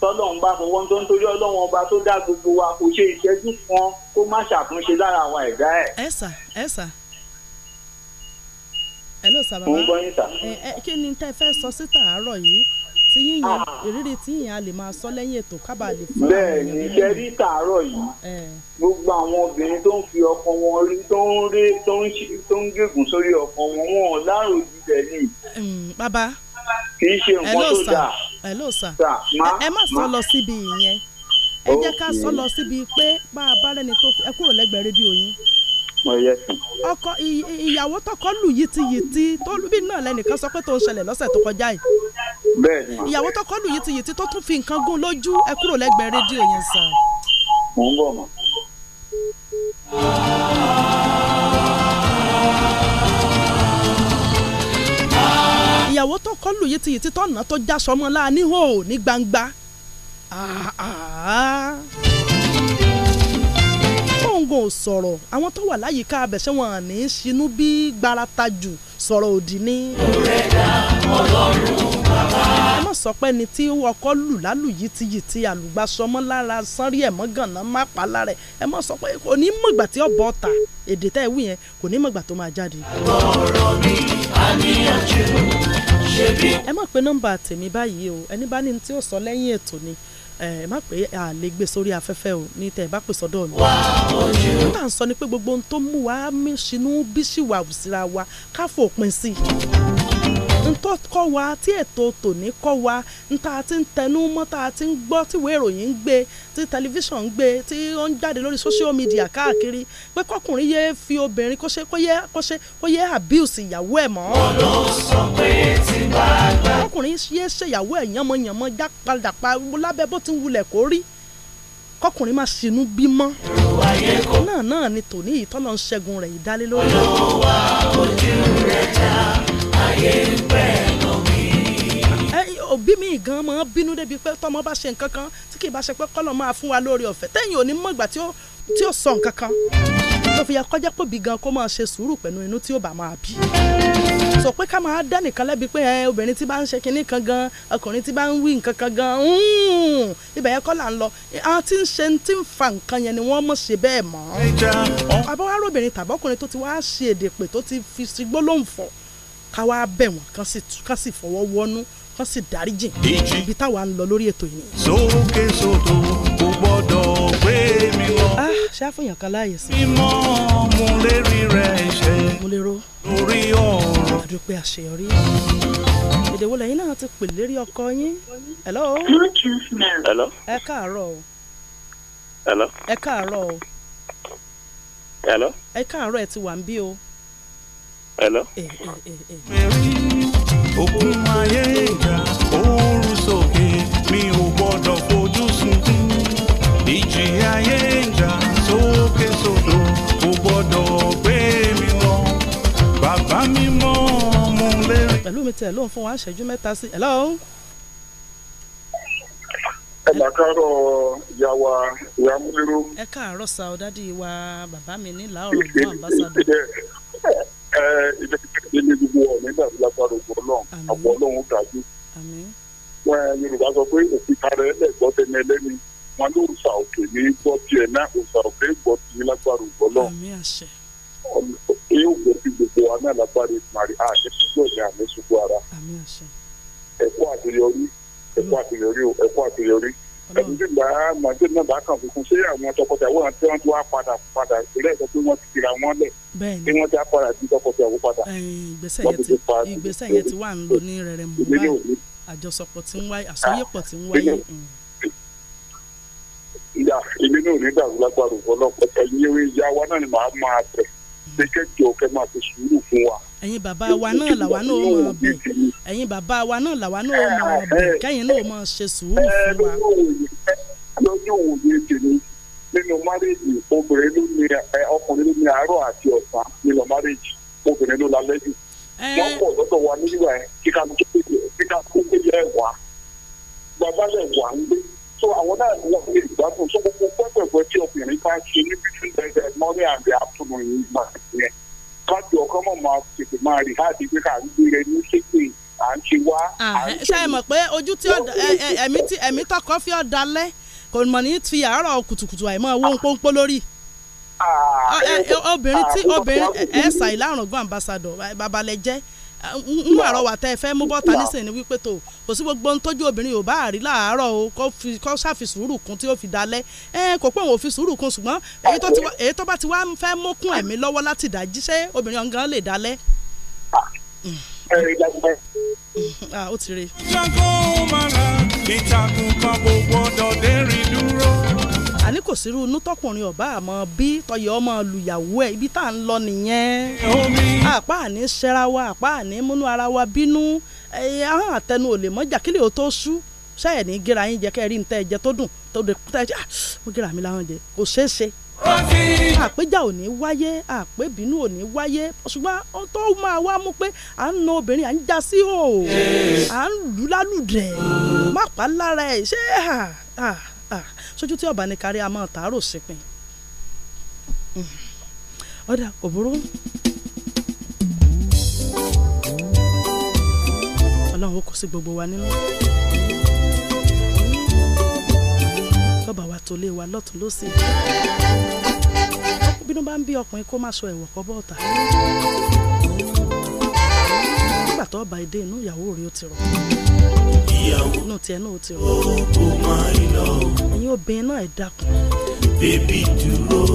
tọ́lọ́run bá fọwọ́ tó ń torí ọlọ́run ọba tó dá gbogbo wa kò ṣe ìṣẹ́jú kan kó má ṣàtúnṣe lára àwa ẹ̀dá ẹ̀. ẹ sà ẹ sà ẹ ló sà bàbá kí ni tẹ́ fẹ́ sọ sí tàárọ̀ yìí tí yíyan ah. ìrírí tí yíyan a lè máa sọ lẹ́yìn ètò kábà lè fún àwọn èèyàn. bẹ́ẹ̀ni iṣẹ́ rí tààrọ yìí gbogbo àwọn obìnrin tó ń fi ọkọ wọn rí tó ń rí tó ń gégùn sórí ọkọ wọn wọn ò láàrò jíjẹ ní. bàbá kì í ṣe nǹkan tó dáa ẹ ló sà ẹ má sọ lọ síbi ìyẹn ẹ jẹ́ ká sọ lọ síbi pé bá a bá rẹ́ni tó ẹ kúrò lẹ́gbẹ̀ẹ́ rédíò yín mo yẹ sùn. ọkọ ìyàwó tọkọ lù yìtìyìtì tó bí náà lẹnìkan sọ pé tó ń ṣẹlẹ̀ lọ́sẹ̀ tó kọjá yìí. bẹ́ẹ̀ni. ìyàwó tọkọ lù yìtìyìtì tó tún fi nǹkan gún lójú ẹ kúrò lẹ́gbẹ̀ẹ́ rédíò yẹn sàn. mo ń bọ̀ mọ́. ìyàwó tó lù yìtìyìtì tọ̀nà tó já sọmọ láàánú hò ní gbangba. Ah, ah tóun gan ò sọ̀rọ̀ àwọn tó wà láyìíká abẹ̀ wọn ní í ṣinú bí gbarata jù sọ̀rọ̀ òdì ni. ẹ má sọ tí ọkọ lù lálù yìí ti yìí ti àlùgbàsọmọ lára sanrí ẹ mọ má pa lára ẹ ẹ má sọ kò ní mọ̀gbà tí ọ̀bọ ta èdè tá ẹ wí yẹn kò ní mọ̀gbà tó máa jáde. ẹ má pe nọ́mbà tèmi báyìí o ẹni bá ní tí ó sọ lẹ́yìn ètò ni ẹ má pé a lè gbé sórí afẹ́fẹ́ o ní tẹ̀ bá pè sọ́dọ̀ mi. wá ojú. ń sọ ni pé gbogbo ohun tó mú wa mí ṣinú bí ṣìwà òsìra wa ká fòpin sí i ntọ́ kọ́ wa tí ètò tòní kọ́ wa nta ti ń tẹnu mọ́ tá ti ń gbọ́ tíwé ìròyìn ń gbé tí tẹlifíṣàn ń gbé tí ó ń jáde lórí social media káàkiri pé kọkùnrin yé fi obìnrin kó ṣe kó yé kó ṣe kó yé abuse ìyàwó ẹ̀ mọ́. wọn ló sọ pé tí bá gbà. kọkùnrin yé ṣèyàwó ẹ̀ yànmọ́yànmọ́ já padà pa bó ti ń wulẹ̀ kó rí kọkùnrin máa ṣinú bímọ náà náà ni tòní ìtọ́lọ́ ń ṣẹ́gun rẹ̀ ìdálélórí. olówó wa ojú rẹ̀ já ayé ń bẹ̀ lọ mí. òbí mi gan máa bínú débi pé tọmọ bá ṣe nǹkan kan tí kì í bá ṣe pé kọ́lọ̀ máa fún wa lórí ọ̀fẹ́ tẹ́yìn ò ní mọ̀ ìgbà tí ó sọ nǹkan kan tó fi yẹ kọjá pé bí gan kó máa ṣe sùúrù pẹ̀lú inú tí ó bá máa bí. sọ pé ká máa dá nìkan lẹ́bi pé ẹ obìnrin tí bá ń ṣe kinní kan gan ọkùnrin tí bá ń wí nǹkan kan gan ibẹ̀ yẹn kọ́ là ń lọ àwọn tí ń ṣe tí ń fa nǹkan yẹn ni wọ́n mọ̀ ṣe bẹ́ẹ̀ mọ́. àbáwárò obìnrin tàbọ́kùnrin tó ti wá ṣe èdè pè tó ti fi sí gbólóhùn fọ̀ ká wá bẹ̀ wọ́n kán sì kán sì fọwọ́ wọ́nú kán sì dáríjì ibi táwa ń lọ lórí ètò yìí. sókè sódò kò gbọ́dọ̀ pé mi lọ. Ah, a kan láàyè sí. mímọ́ mo lè rí rẹ̀ ṣe. mo lè ro. lórí ọ̀rọ̀. àdúpẹ́ àṣeyọrí. èdè lẹ́yìn náà ti pè lérí ọkọ yín. hello. hello. ẹ káàárọ̀ o. hello. ẹ káàárọ̀ o. hello. ẹ káàárọ̀ ẹ ti wà ń bí o. Hello. òkun ayé ìgbà oorun sókè mi ò gbọ́dọ̀ fojú sunkún ìjì ayé ìjà sókè sódò kò gbọ́dọ̀ gbé mi lọ bàbá mi mọ́ ọmọ lérè. pẹ̀lú mi tẹ̀ ló ń fún wa ṣẹ́jú mẹ́ta sí hello. ẹ bá káàárọ̀ ìyá wa ìyá múlẹ́rọ́. ẹ káàárọ̀ sa ọ̀dádì wa bàbá mi nílà ọ̀rọ̀ ìlú àmbásádọ̀. ibi kékeré ní gbogbo ọ̀nà nígbà tí lágbára ògbó ọlọ́run àbọ̀ ọlọ́run dájú. wọn yorùbá sọ pé òfin gbogbo wa náà ìmàrí àti ẹni tí gbà á náà bá kàn fún ṣé àwọn tọkọtìyàwó tí wọ́n ti wá padà padà ìrẹ́ ìsọ wọ́n ti tira wọn lẹ̀ tí wọ́n ti á padà sí tọkọtìyàwó padà. ìgbésẹ̀ yẹn ti wà ń lò ní rẹ̀rẹ̀ báyìí ń wáyé ẹ̀yin bàbá wa náà làwa náà ó máa bẹ̀ ẹ̀yin bàbá wa náà làwa náà ó máa bẹ̀ kẹ́yìn náà ó máa ṣe sùúrù fún wa. lójú òye tèmi nínú márèèjì obìnrin ló ní ọkùnrin ló ní àárọ̀ àti ọ̀sán nínú márèèjì obìnrin ló lálẹ́ jù wọ́n pọ̀ lọ́dọ̀ wa nígbà yẹn kíkà tó kéde ẹ̀wà gbagbálẹ̀ wà ń gbé so àwọn náà ni wọn lè gbádùn so pẹ́pẹ́pẹ́ tí obìnrin bá ṣe níbi tí ń bẹ̀rẹ̀ mọ́rí àbí àtúnú yìí yẹn kájọ ọkọ mọ̀ máa tètè máa rí káàdì pé ká ń gbére ní ṣépè à ń ṣe wá. ṣé ẹ mọ̀ pé ojú tí ẹ̀mí tọkọ fi ọ̀ dalẹ̀ kò mọ̀ ní fi àárọ̀ kùtùkùtù àìmọ́ owó ń pọ́npọ́ lórí obìnrin tí obìnrin ẹ ṣàì lárùn gbọ́n ambassadọ babalẹ jẹ́ n wà rọwà tẹ ẹ fẹ́ mú bọ́ta nísìnyí wípé tó kò sí gbogbo ntọ́jú obìnrin ò bá àrí láàárọ̀ o kó ṣàfi sùúrù kún tí ó fi dalẹ̀ ẹ kò pé òun ò fi sùúrù kún ṣùgbọ́n èyí tó bá ti wá fẹ́ mú kún ẹ̀mí lọ́wọ́ láti dájí ṣé obìnrin ọ̀gán lè dalẹ̀. Mm. Ah, ó ti rí. ìtàkùn kan gbogbo ọ̀dọ̀ dẹ́rìn dúró àní kò sírú inú tọkùnrin ọba àmọ́ bí tọyẹ ọmọ lùyàwó ẹ ibi tá à ń lọ nìyẹn àpá àní ṣẹra wa àpá àní múnú ara wa bínú ahọ́n àtẹnu ò lè mọ́jà kílẹ̀ ó tó sú sẹ́yìn ní gíra yín jẹ́ kẹ́ rí nǹkan ẹ̀jẹ̀ tó dùn tó dé kúta ẹ̀jẹ̀ mo gíra mi láwọn jẹ kò ṣeé ṣe àpéjà ò ní wáyé àpébínú ò ní wáyé ṣùgbọ́n ó tó máa wá mú pé à ń na obìnrin à ń já sí hò à ń lù lálùdẹ̀ má pa lára ẹ̀ ṣé à sójú tí ọba ní kárí a máa tàárò sípin mm. ọ̀dà kò burú. ọlọ́run ó kó sí gbogbo wa nínú. tọ́ba wa tó lé wa lọ́tún lọ́sì. bínú bá ń bí ọkùnrin kó má sọ ẹ̀wọ̀ kọ́ bọ́ọ̀tà. nígbà tó ọba èdè inú ìyàwó rẹ̀ ó ti rọ̀ ìyàwó inú tiẹ̀ náà ó ti rọ kò máa ń lọ. ẹ̀yin obìnrin náà ẹ̀ dákun. bébí dúró.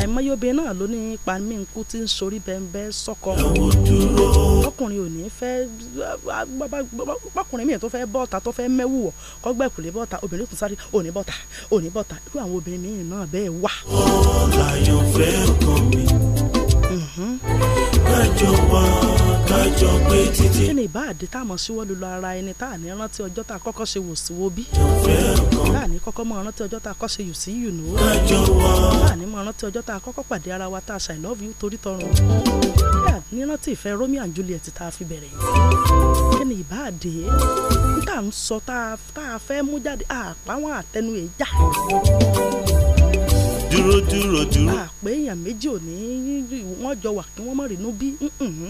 àìmọye obìnrin náà ló ní ipa mi nkú tí ń sorí bẹ́ẹ̀ sọ́kọ. ẹ̀wọ̀n dúró. ọkùnrin ò ní fẹ́ ọkùnrin mìíràn tó fẹ́ bọ́ta tó fẹ́ mẹ́wù wọ̀ kọ́gbẹ́ kò lè bọ́ta obìnrin tó sáré òní bọ́ta òní bọ́ta irú àwọn obìnrin mìíràn náà bẹ́ẹ̀ wà. ọ̀la yóò fẹ́ ọkàn mi. májọ wá kájọ gbé títí. kí ni ìbáàdé tá a mọ̀ síwọ́ lulọ ara ẹni tá a ní rántí ọjọ́ tá a kọ́kọ́ ṣe wò sí wo bí. tá kọ́kọ́ mọ̀ rántí ọjọ́ tá a kọ́ ṣe yù sí yù nù. kájọ wá. tá a rántí ọjọ́ tá a kọ́kọ́ pàdé ara wa tá a ṣàì love you torí tọrùn. tá a rántí ìfẹ́ Romeo and Juliet tá a fi bẹ̀rẹ̀. kí ni ìbáàdé tá a ń sọ tá a fẹ́ mú jáde àpáwọn àtẹnu èjà dúró dúró dúró. àpé èèyàn méjì ò ní wọ́n jọ wà kí wọ́n mọ̀ rínú bí.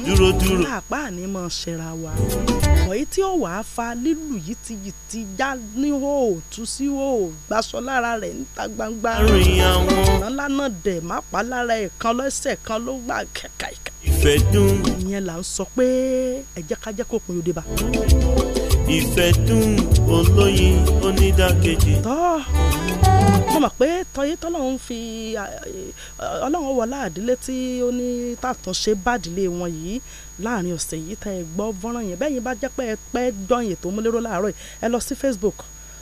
dúró dúró. àpá àní mọ̀ ṣẹra wa. ọ̀yí tí ó wà á fa lílù yìí ti yìí ti já ní hó tú sí hó gbaṣọ lára rẹ̀ níta gbangba. arìnrìn àwọn. ọ̀nà lánàá dẹ̀ má pa lára ẹ̀ kan lọ́sẹ̀ kan ló gbà kẹ̀kẹ́ ìfẹ́ dùn. ìyẹn là ń sọ pé ẹ jẹ́ kó pin òde bá. ìfẹ́ dùn olóyin onídàkejì. tọ́ mo mọ̀ pé tọyé tọ́lọ́run fi ọlọ́run wọlá àdílé tí ó ní tàtúnṣe bádìlé wọn yìí láàrin ọ̀sẹ̀ yìí tẹ́ ẹ gbọ́ fọ́nrán yẹn bẹ́ẹ̀ yín bá jẹ́ pé pẹ́ gbọ́n yẹn tó múlẹ́rọ́ láàárọ̀ ẹ lọ sí Facebook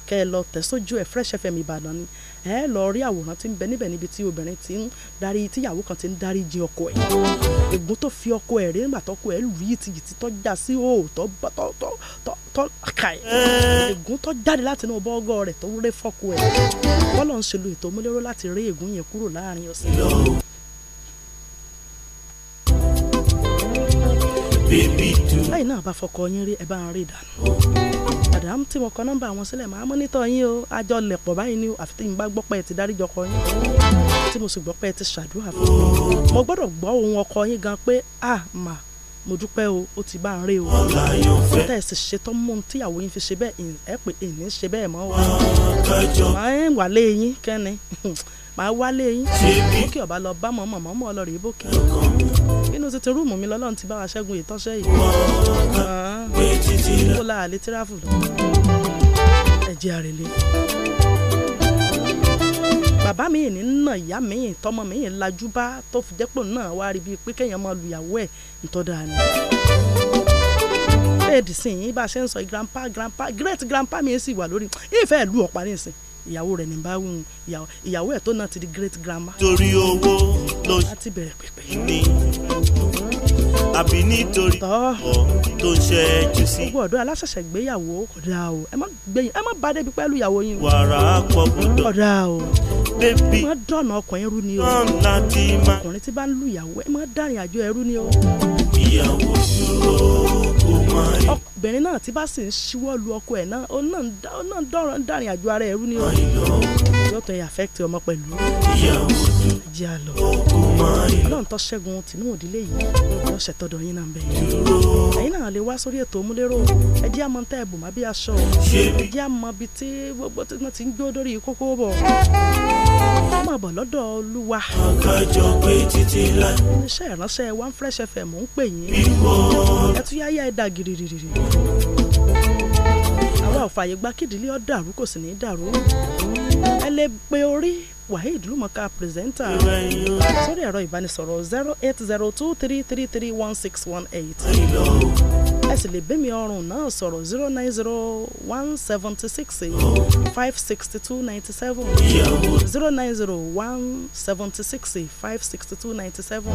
kẹ́ ẹ lọ tẹ̀ sójú ẹ Fresh FM Ìbàdàn ni ẹ lọ rí àwòrán tí ń bẹ níbẹ̀ níbi tí obìnrin ti ń darí tíyàwó kan ti ń darí jin ọkọ ẹ̀ ègún tó fi ọkọ ẹ̀ rí nígbà tọkọ ẹ̀ lù yìí ti yìí ti tọ́já sí òòtọ́ tọ́ ka ẹ̀ ègún tó jáde láti inú bọ́gọ́ rẹ̀ tó rẹ́ fọ́kọ ẹ̀ bọ́lọ̀ ń ṣe lo ètò múlẹ́rọ́ láti rí ègún yẹn kúrò láàrin ọ̀sẹ̀. báyìí náà bá fọkọ yín rí ẹ bá ń rí dànù àdàm tí mo kọ nọ́mbà àwọn sílẹ̀ máa mọ́nítọ̀ yín o àjọ lẹ̀pọ̀ báyìí ni àfi tí mo bá gbọ́ ẹ ti dáríjọ kọ yín tí mo sì gbọ́ ẹ ti ṣàdúrà fún mi mo gbọ́dọ̀ gbọ́ ohun ọkọ yín gan pé a ah, mà mo dúpẹ́ o ó ti bá ń rí o tẹ́ ẹ̀ sì ṣe tán mú tíyàwó yín fi ṣe bẹ́ẹ̀ ẹ̀ pé ẹ̀ ní ṣe bẹ́ẹ̀ mọ́ o máa ń wà lé yín kẹ́ni màá wálé yín mú kí ọba lọ bá mọ̀ mọ̀ mọ̀ ọlọ́rìí bókè inú tètè rúùmù mi lọ́lọ́run ti bá wa ṣẹ́gun ìtọ́ṣẹ́ yìí kó láàlẹ́ tíráfù lọ ẹ̀jẹ̀ àrèlé bàbá mi ní nà ìyá mi tọmọ mi lajú bá tó fi dẹ́pọ̀ náà wá rí bíi pé kéèyàn máa lu ẹ̀ ntọ́da ni bẹ́ẹ̀ dì sí yín bá a ṣe ń sọ grandpa grandpa great grandpa mi sì wà lórí ìfẹ́ ìlú ọ̀parí ìsìn ìyàwó rẹ̀ ní bá wùn ìyàwó ẹ̀ tó náà ti di great grandma. torí owó ló láti bẹ̀rẹ̀ pẹ̀pẹ̀. ní àbí nítorí ọ̀ tó ń ṣe é jù sí. gbogbo ọ̀dọ́ aláṣẹ̀ṣẹ̀ gbéyàwó ọ̀dà o ẹ má gbẹ̀yìn ẹ má bá débi pẹ̀lú ìyàwó yín wàrà pọ̀ gbọdọ̀. ọ̀dà o bébí. má dọ̀nà ọkùnrin rú ni o. kàn láti má. ọkùnrin tí bá ń lu ìyàwó ẹ má dárìn àjò ẹrú ni o. ìyàwó dúró obìnrin náà tí bá sì ń ṣíwọ́ lu ọkọ ẹ̀ náà òun náà ń dọ̀rọ̀ ń dàrin àjò ara ẹ̀rú ní ọ̀rọ̀ yóò tẹ̀ affect ọmọ pẹ̀lú ìyá àlọ́ ọlọ́run tó ṣẹ́gun tìǹbù òdílé yìí ló ṣètọ́dọ̀ yín náà bẹ́ẹ̀ ẹ̀yin náà lè wá sórí ètò òmúlérò ẹjẹ́ àmọ́ tẹ́ ẹ̀bùn má bí aṣọ ẹjẹ́ àmọ́ bí tí gbogbo tí wọ́n ti ń gbé dórí kókó bọ̀ máa bọ̀ lọ́dọ̀ olúwa. àkájọ pé títí lá. iṣẹ́ ìránṣẹ́ one fresh fm ń pè yín. bímọ. ẹ tún yáyá ẹ dà gírígírí àwa ò fààyè gba ẹlẹ́gbẹ́ orí waheed lumaka pírẹsẹ́ńtà sórí ẹ̀rọ ìbánisọ̀rọ̀ zero eight zero two three three three one six one eight ẹ sì lè bẹ́mi ọrùn náà sọ̀rọ̀ zero nine zero one seventy six five sixty two ninety seven zero nine zero one seventy six five sixty two ninety seven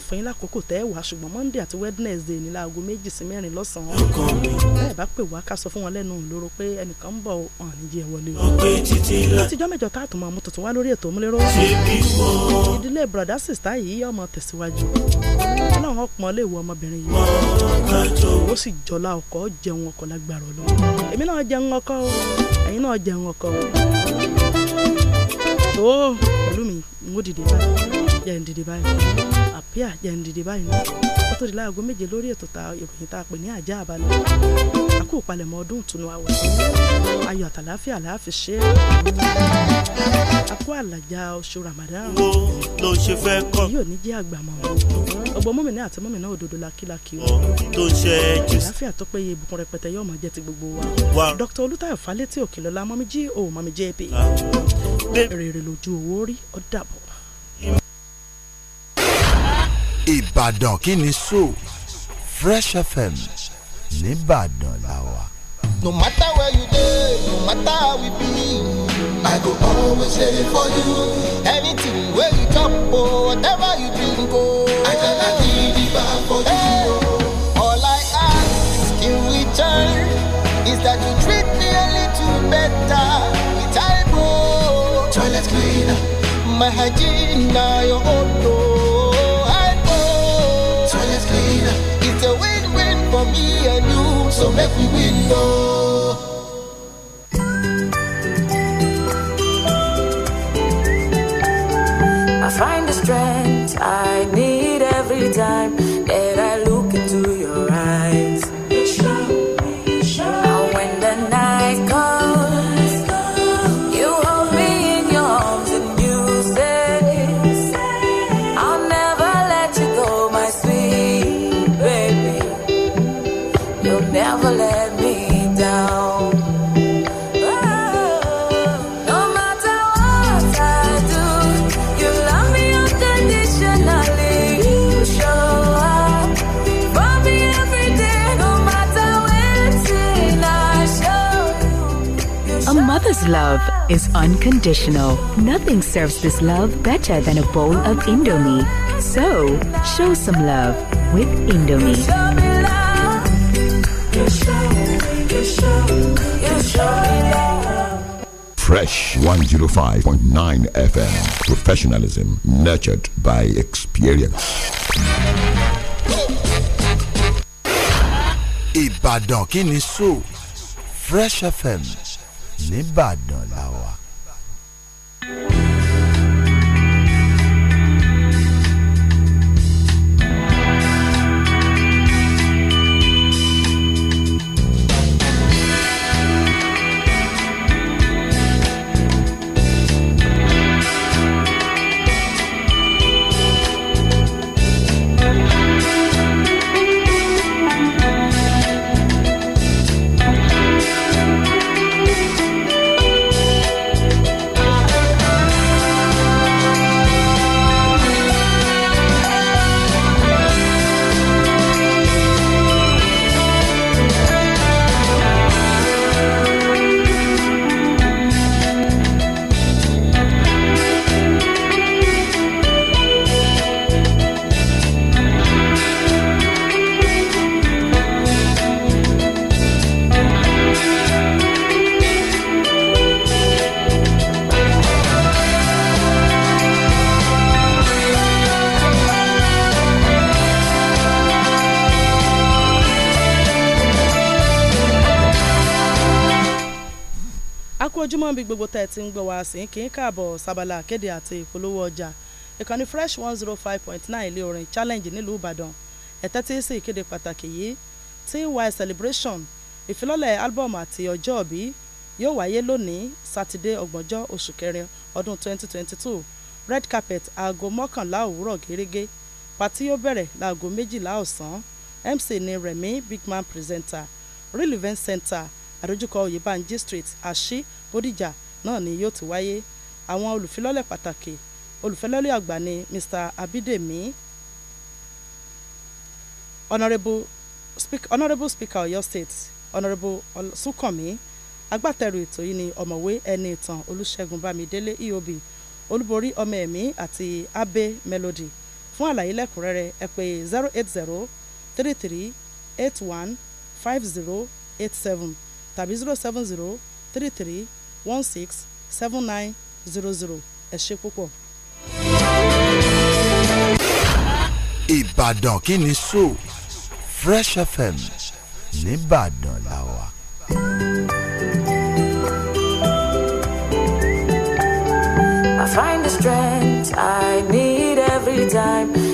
fún yín lákòókò tẹ́ ẹ wá ṣùgbọ́n monday àti wednesday ní láago méjì sí mẹ́rin lọ́sàn-án bẹ́ẹ̀ bá pè wá ká sọ fún wọn lẹ́nu ìloro pé ẹnìkan ń bọ̀ ọ̀hún níjẹ́ wọlé o. látijọ́ mẹ́jọ tá a tún wá lórí ètò múlẹ́rọ́ ìdílé brọ̀dá sista yìí ọmọ tẹ̀síwájú ọlọ́run ọpọ́n lè wọ ọmọbìnrin yìí ó sì jọlá ọkọ jẹun ọkọ lágbára ọlọ́run èmi náà jẹun ọkọ o ẹ̀yin náà jẹun ọkọ o tó pẹ̀lú mi ń ó dìde báyìí yẹn dìde báyìí bí àjẹǹdìdì báyìí náà ó tó di láago méje lórí ètò ta ìròyìn tá a pè ní àjá àbálẹ àkó ìpalẹ̀mọ́ ọdún ìtùnú àwẹ̀ ayọ̀ àtàláfíà láàfin ṣe é àkó àlàjá oṣù Ramadan ló ṣe fẹ́ kọ́ yóò ní jẹ́ àgbàmọ́ ọgbọ́n mọ́mìnà àti mọ́mìnà òdodo lakílakí o tó àlàáfíà tó péye ìbùkún rẹpẹtẹ yóò máa jẹ́ ti gbogbo wa Dr. Olùtayọ̀ Fálétí Òkèlọ́lá mọ́mí jí òun mọ́mí jẹ́ èpè rèrè lójú owó rí ó dàbọ̀. Ìbàdàn kí ni so Fresh FM nìbàdàn la wà. No matter where you dey no matter how we be I go always dey for you. Anything wey you chop o oh, whatever you drink o. Oh. I gana gidigba for you. Hey. Oh. All I ask in return is that you treat me a little better My hygiene your own so make we win, no. I find the strength I need every time Mother's love is unconditional. Nothing serves this love better than a bowl of Indomie. So, show some love with Indomie. Fresh 105.9 FM. Professionalism nurtured by experience. Ibadan Kini Fresh FM. nìbàdàn làwà. níbi gbogbo tẹ́ ẹ ti ń gbọ́ wá sí kí n káàbọ̀ sábàlá àkéde àti ìpolówó ọjà ìkànnì fresh one zero oh five point nine ilé orin challenge nílùú ìbàdàn ẹ̀tẹ́ tí sì kéde pàtàkì yìí ty celebration ìfilọ́lẹ̀ album àti ọjọ́ òbí yóò wáyé lónìí sátidé ọgbọ̀njọ́ oṣù kẹrin ọdún twenty twenty two red carpet aago mọ́kànlá òwúrọ̀ gẹ́gẹ́ pàtí yóò bẹ̀rẹ̀ láago méjìlá ọ̀sán mc ni remi Man presenter real event center àdójúkọ oyèbánjí street Ashi. Bódìjà náà ni yóò ti wáyé àwọn olùfilọ́lẹ̀ pàtàkì olùfilọ́lẹ̀ àgbà ni Mr Abídèmí Honourable Speaker, Honourable Speaker Ọ̀yọ́ State Honourable Sukomi, agbátẹrù ètò yìí ni ọ̀mọ̀wé ẹni ìtàn Olúṣẹ́gun Bámidélé EOB olúborí ọmọ ẹ̀mí àti Abe Melody fún àlàyé lẹ́kùnrẹ́rẹ́ ẹ pè zero eight zero three three eight one five zero eight seven tàbí zero seven zero three three one six seven nine zero zero ẹ ṣe púpọ̀. Ìbàdàn kí ni so Fresh FM nìbàdàn la wà. I find the strength I need every time.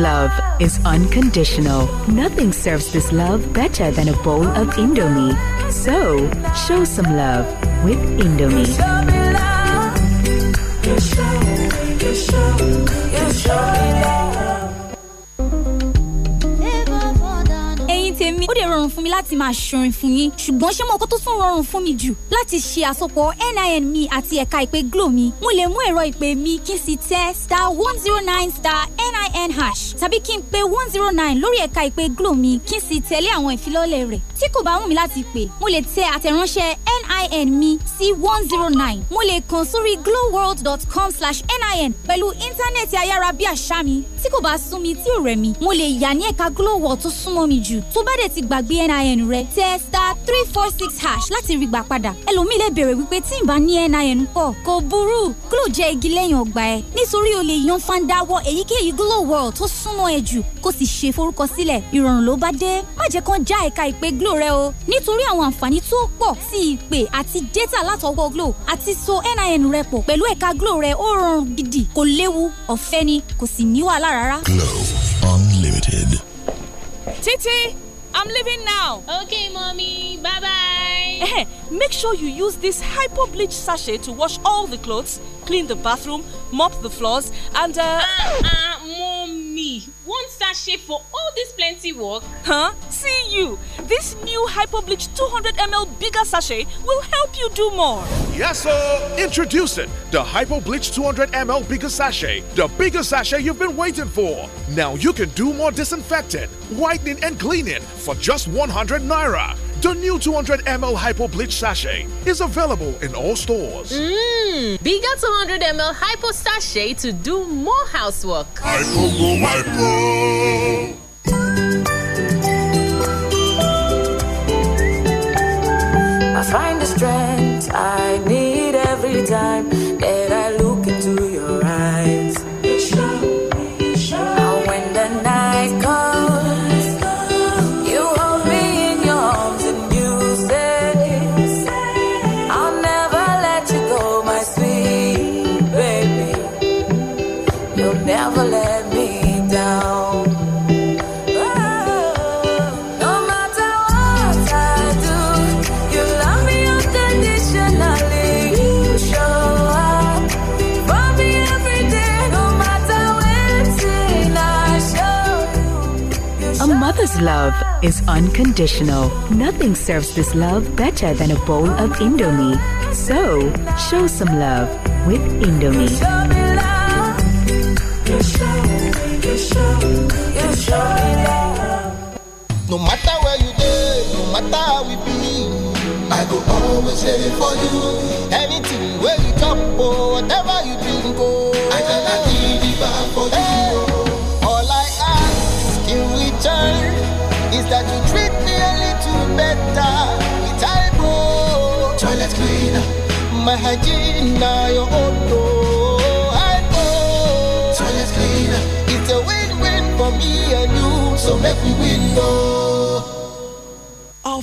love is unconditional. Nothing serves this love better than a bowl of Indomie. So, show some love with Indomie. ẹ̀yin tèmi ó dẹ̀ rọrùn fún mi láti máa ṣorin fún yín ṣùgbọ́n ṣé mo kó tó tún rọrùn fún mi jù láti ṣe àsopọ̀ nin mi àti ẹ̀ka ìpè glo mi mo lè mú ẹ̀rọ ìpè mi kí n sì tẹ star one zero nine star in hash tàbí kí n pe one zero nine lórí ẹ̀ka ìpè glo mi kí n sì tẹ̀lé àwọn ìfilọ́lẹ̀ rẹ̀ tí kò bá wù mí láti pè mo lè tẹ àtẹ̀ránṣẹ́ NIN mi sí one zero nine mo lè kàn sórí glowworld.com slash NIN pẹ̀lú íńtánẹ́ẹ̀tì ayárabíàṣá mi tí kò bá sún mi tí ò rẹ̀ mi mo lè yà ní ẹ̀ka glowworld tó súnmọ́ mi jù tó bá dẹ̀ ti gbàgbé NIN rẹ tẹ star three four six hash láti rí gbà padà ẹlòmíì lè béèrè wípé tí n bá ní NIN pọ̀ kò burú glo jẹ́ igi lẹ́yìn ọgbà ẹ̀ nítorí o lè yan fandawọ èyíkéyìí glow world tó súnmọ́ ẹ jù kó sì ṣe forúkọsílẹ̀ ìrọ̀rùn ló bá dé má jẹ́ kán já ẹ̀ka ìpè glo rẹ o nítorí àwọn àǹfààní tó pọ̀ sí ìpè pay àti data látọwọ́ Glo àti so NIN rẹ pọ̀ pẹ̀lú ẹ̀ka Glo rẹ ó rọrùn gidi kò léwu ọ̀fẹ́ ni kò sì ní wàhálà rárá. Glo Unlimited. Titi, I'm leaving now. Okay, mommy. Bye bye. Make sure you use this hypo bleach sachet to wash all the clothes, clean the bathroom, mop the floors, and uh. Uh, uh, mommy. one sachet for all this plenty work? Huh? See you! This new Hyperbleach 200ml bigger sachet will help you do more. Yes, sir! Introducing the Hyperbleach 200ml bigger sachet, the bigger sachet you've been waiting for. Now you can do more disinfecting, whitening, and cleaning for just 100 naira. The new 200 ml Hypo Bleach Sachet is available in all stores. Mmm, bigger 200 ml Hypo Sachet to do more housework. Hypo, hypo. is unconditional. Nothing serves this love better than a bowl of Indomie. So, show some love with Indomie. No matter where you go, no matter how we be, I go always for you. haji na your I know. It's a win-win for me and you, so make we win, oh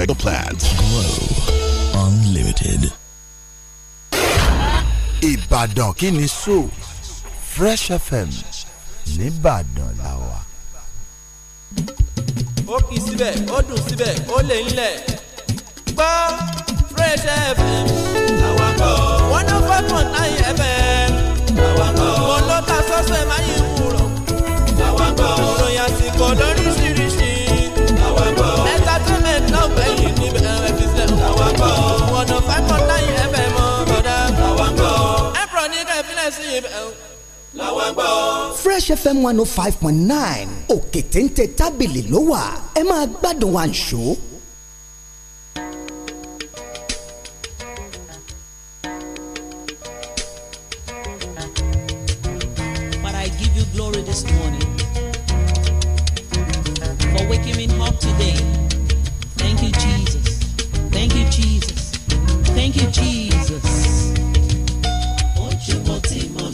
mega plans. Glow Unlimited. Ìbàdàn kí ni so Fresh FM nìbàdàn la wa. Ó kì í síbẹ̀, ó dùn síbẹ̀, ó lè ń Gbọ́ Fresh FM àwọn kan. One oh five point nine FM àwọn kan. Mo ló ta sọ́sẹ̀ máa yí wúrọ̀ àwọn kan. làwa gbọ́. fresh fm one oh five point nine òkè téńté tábìlì ló wà ẹ máa gbádùn àǹṣó. But I give you glory this morning.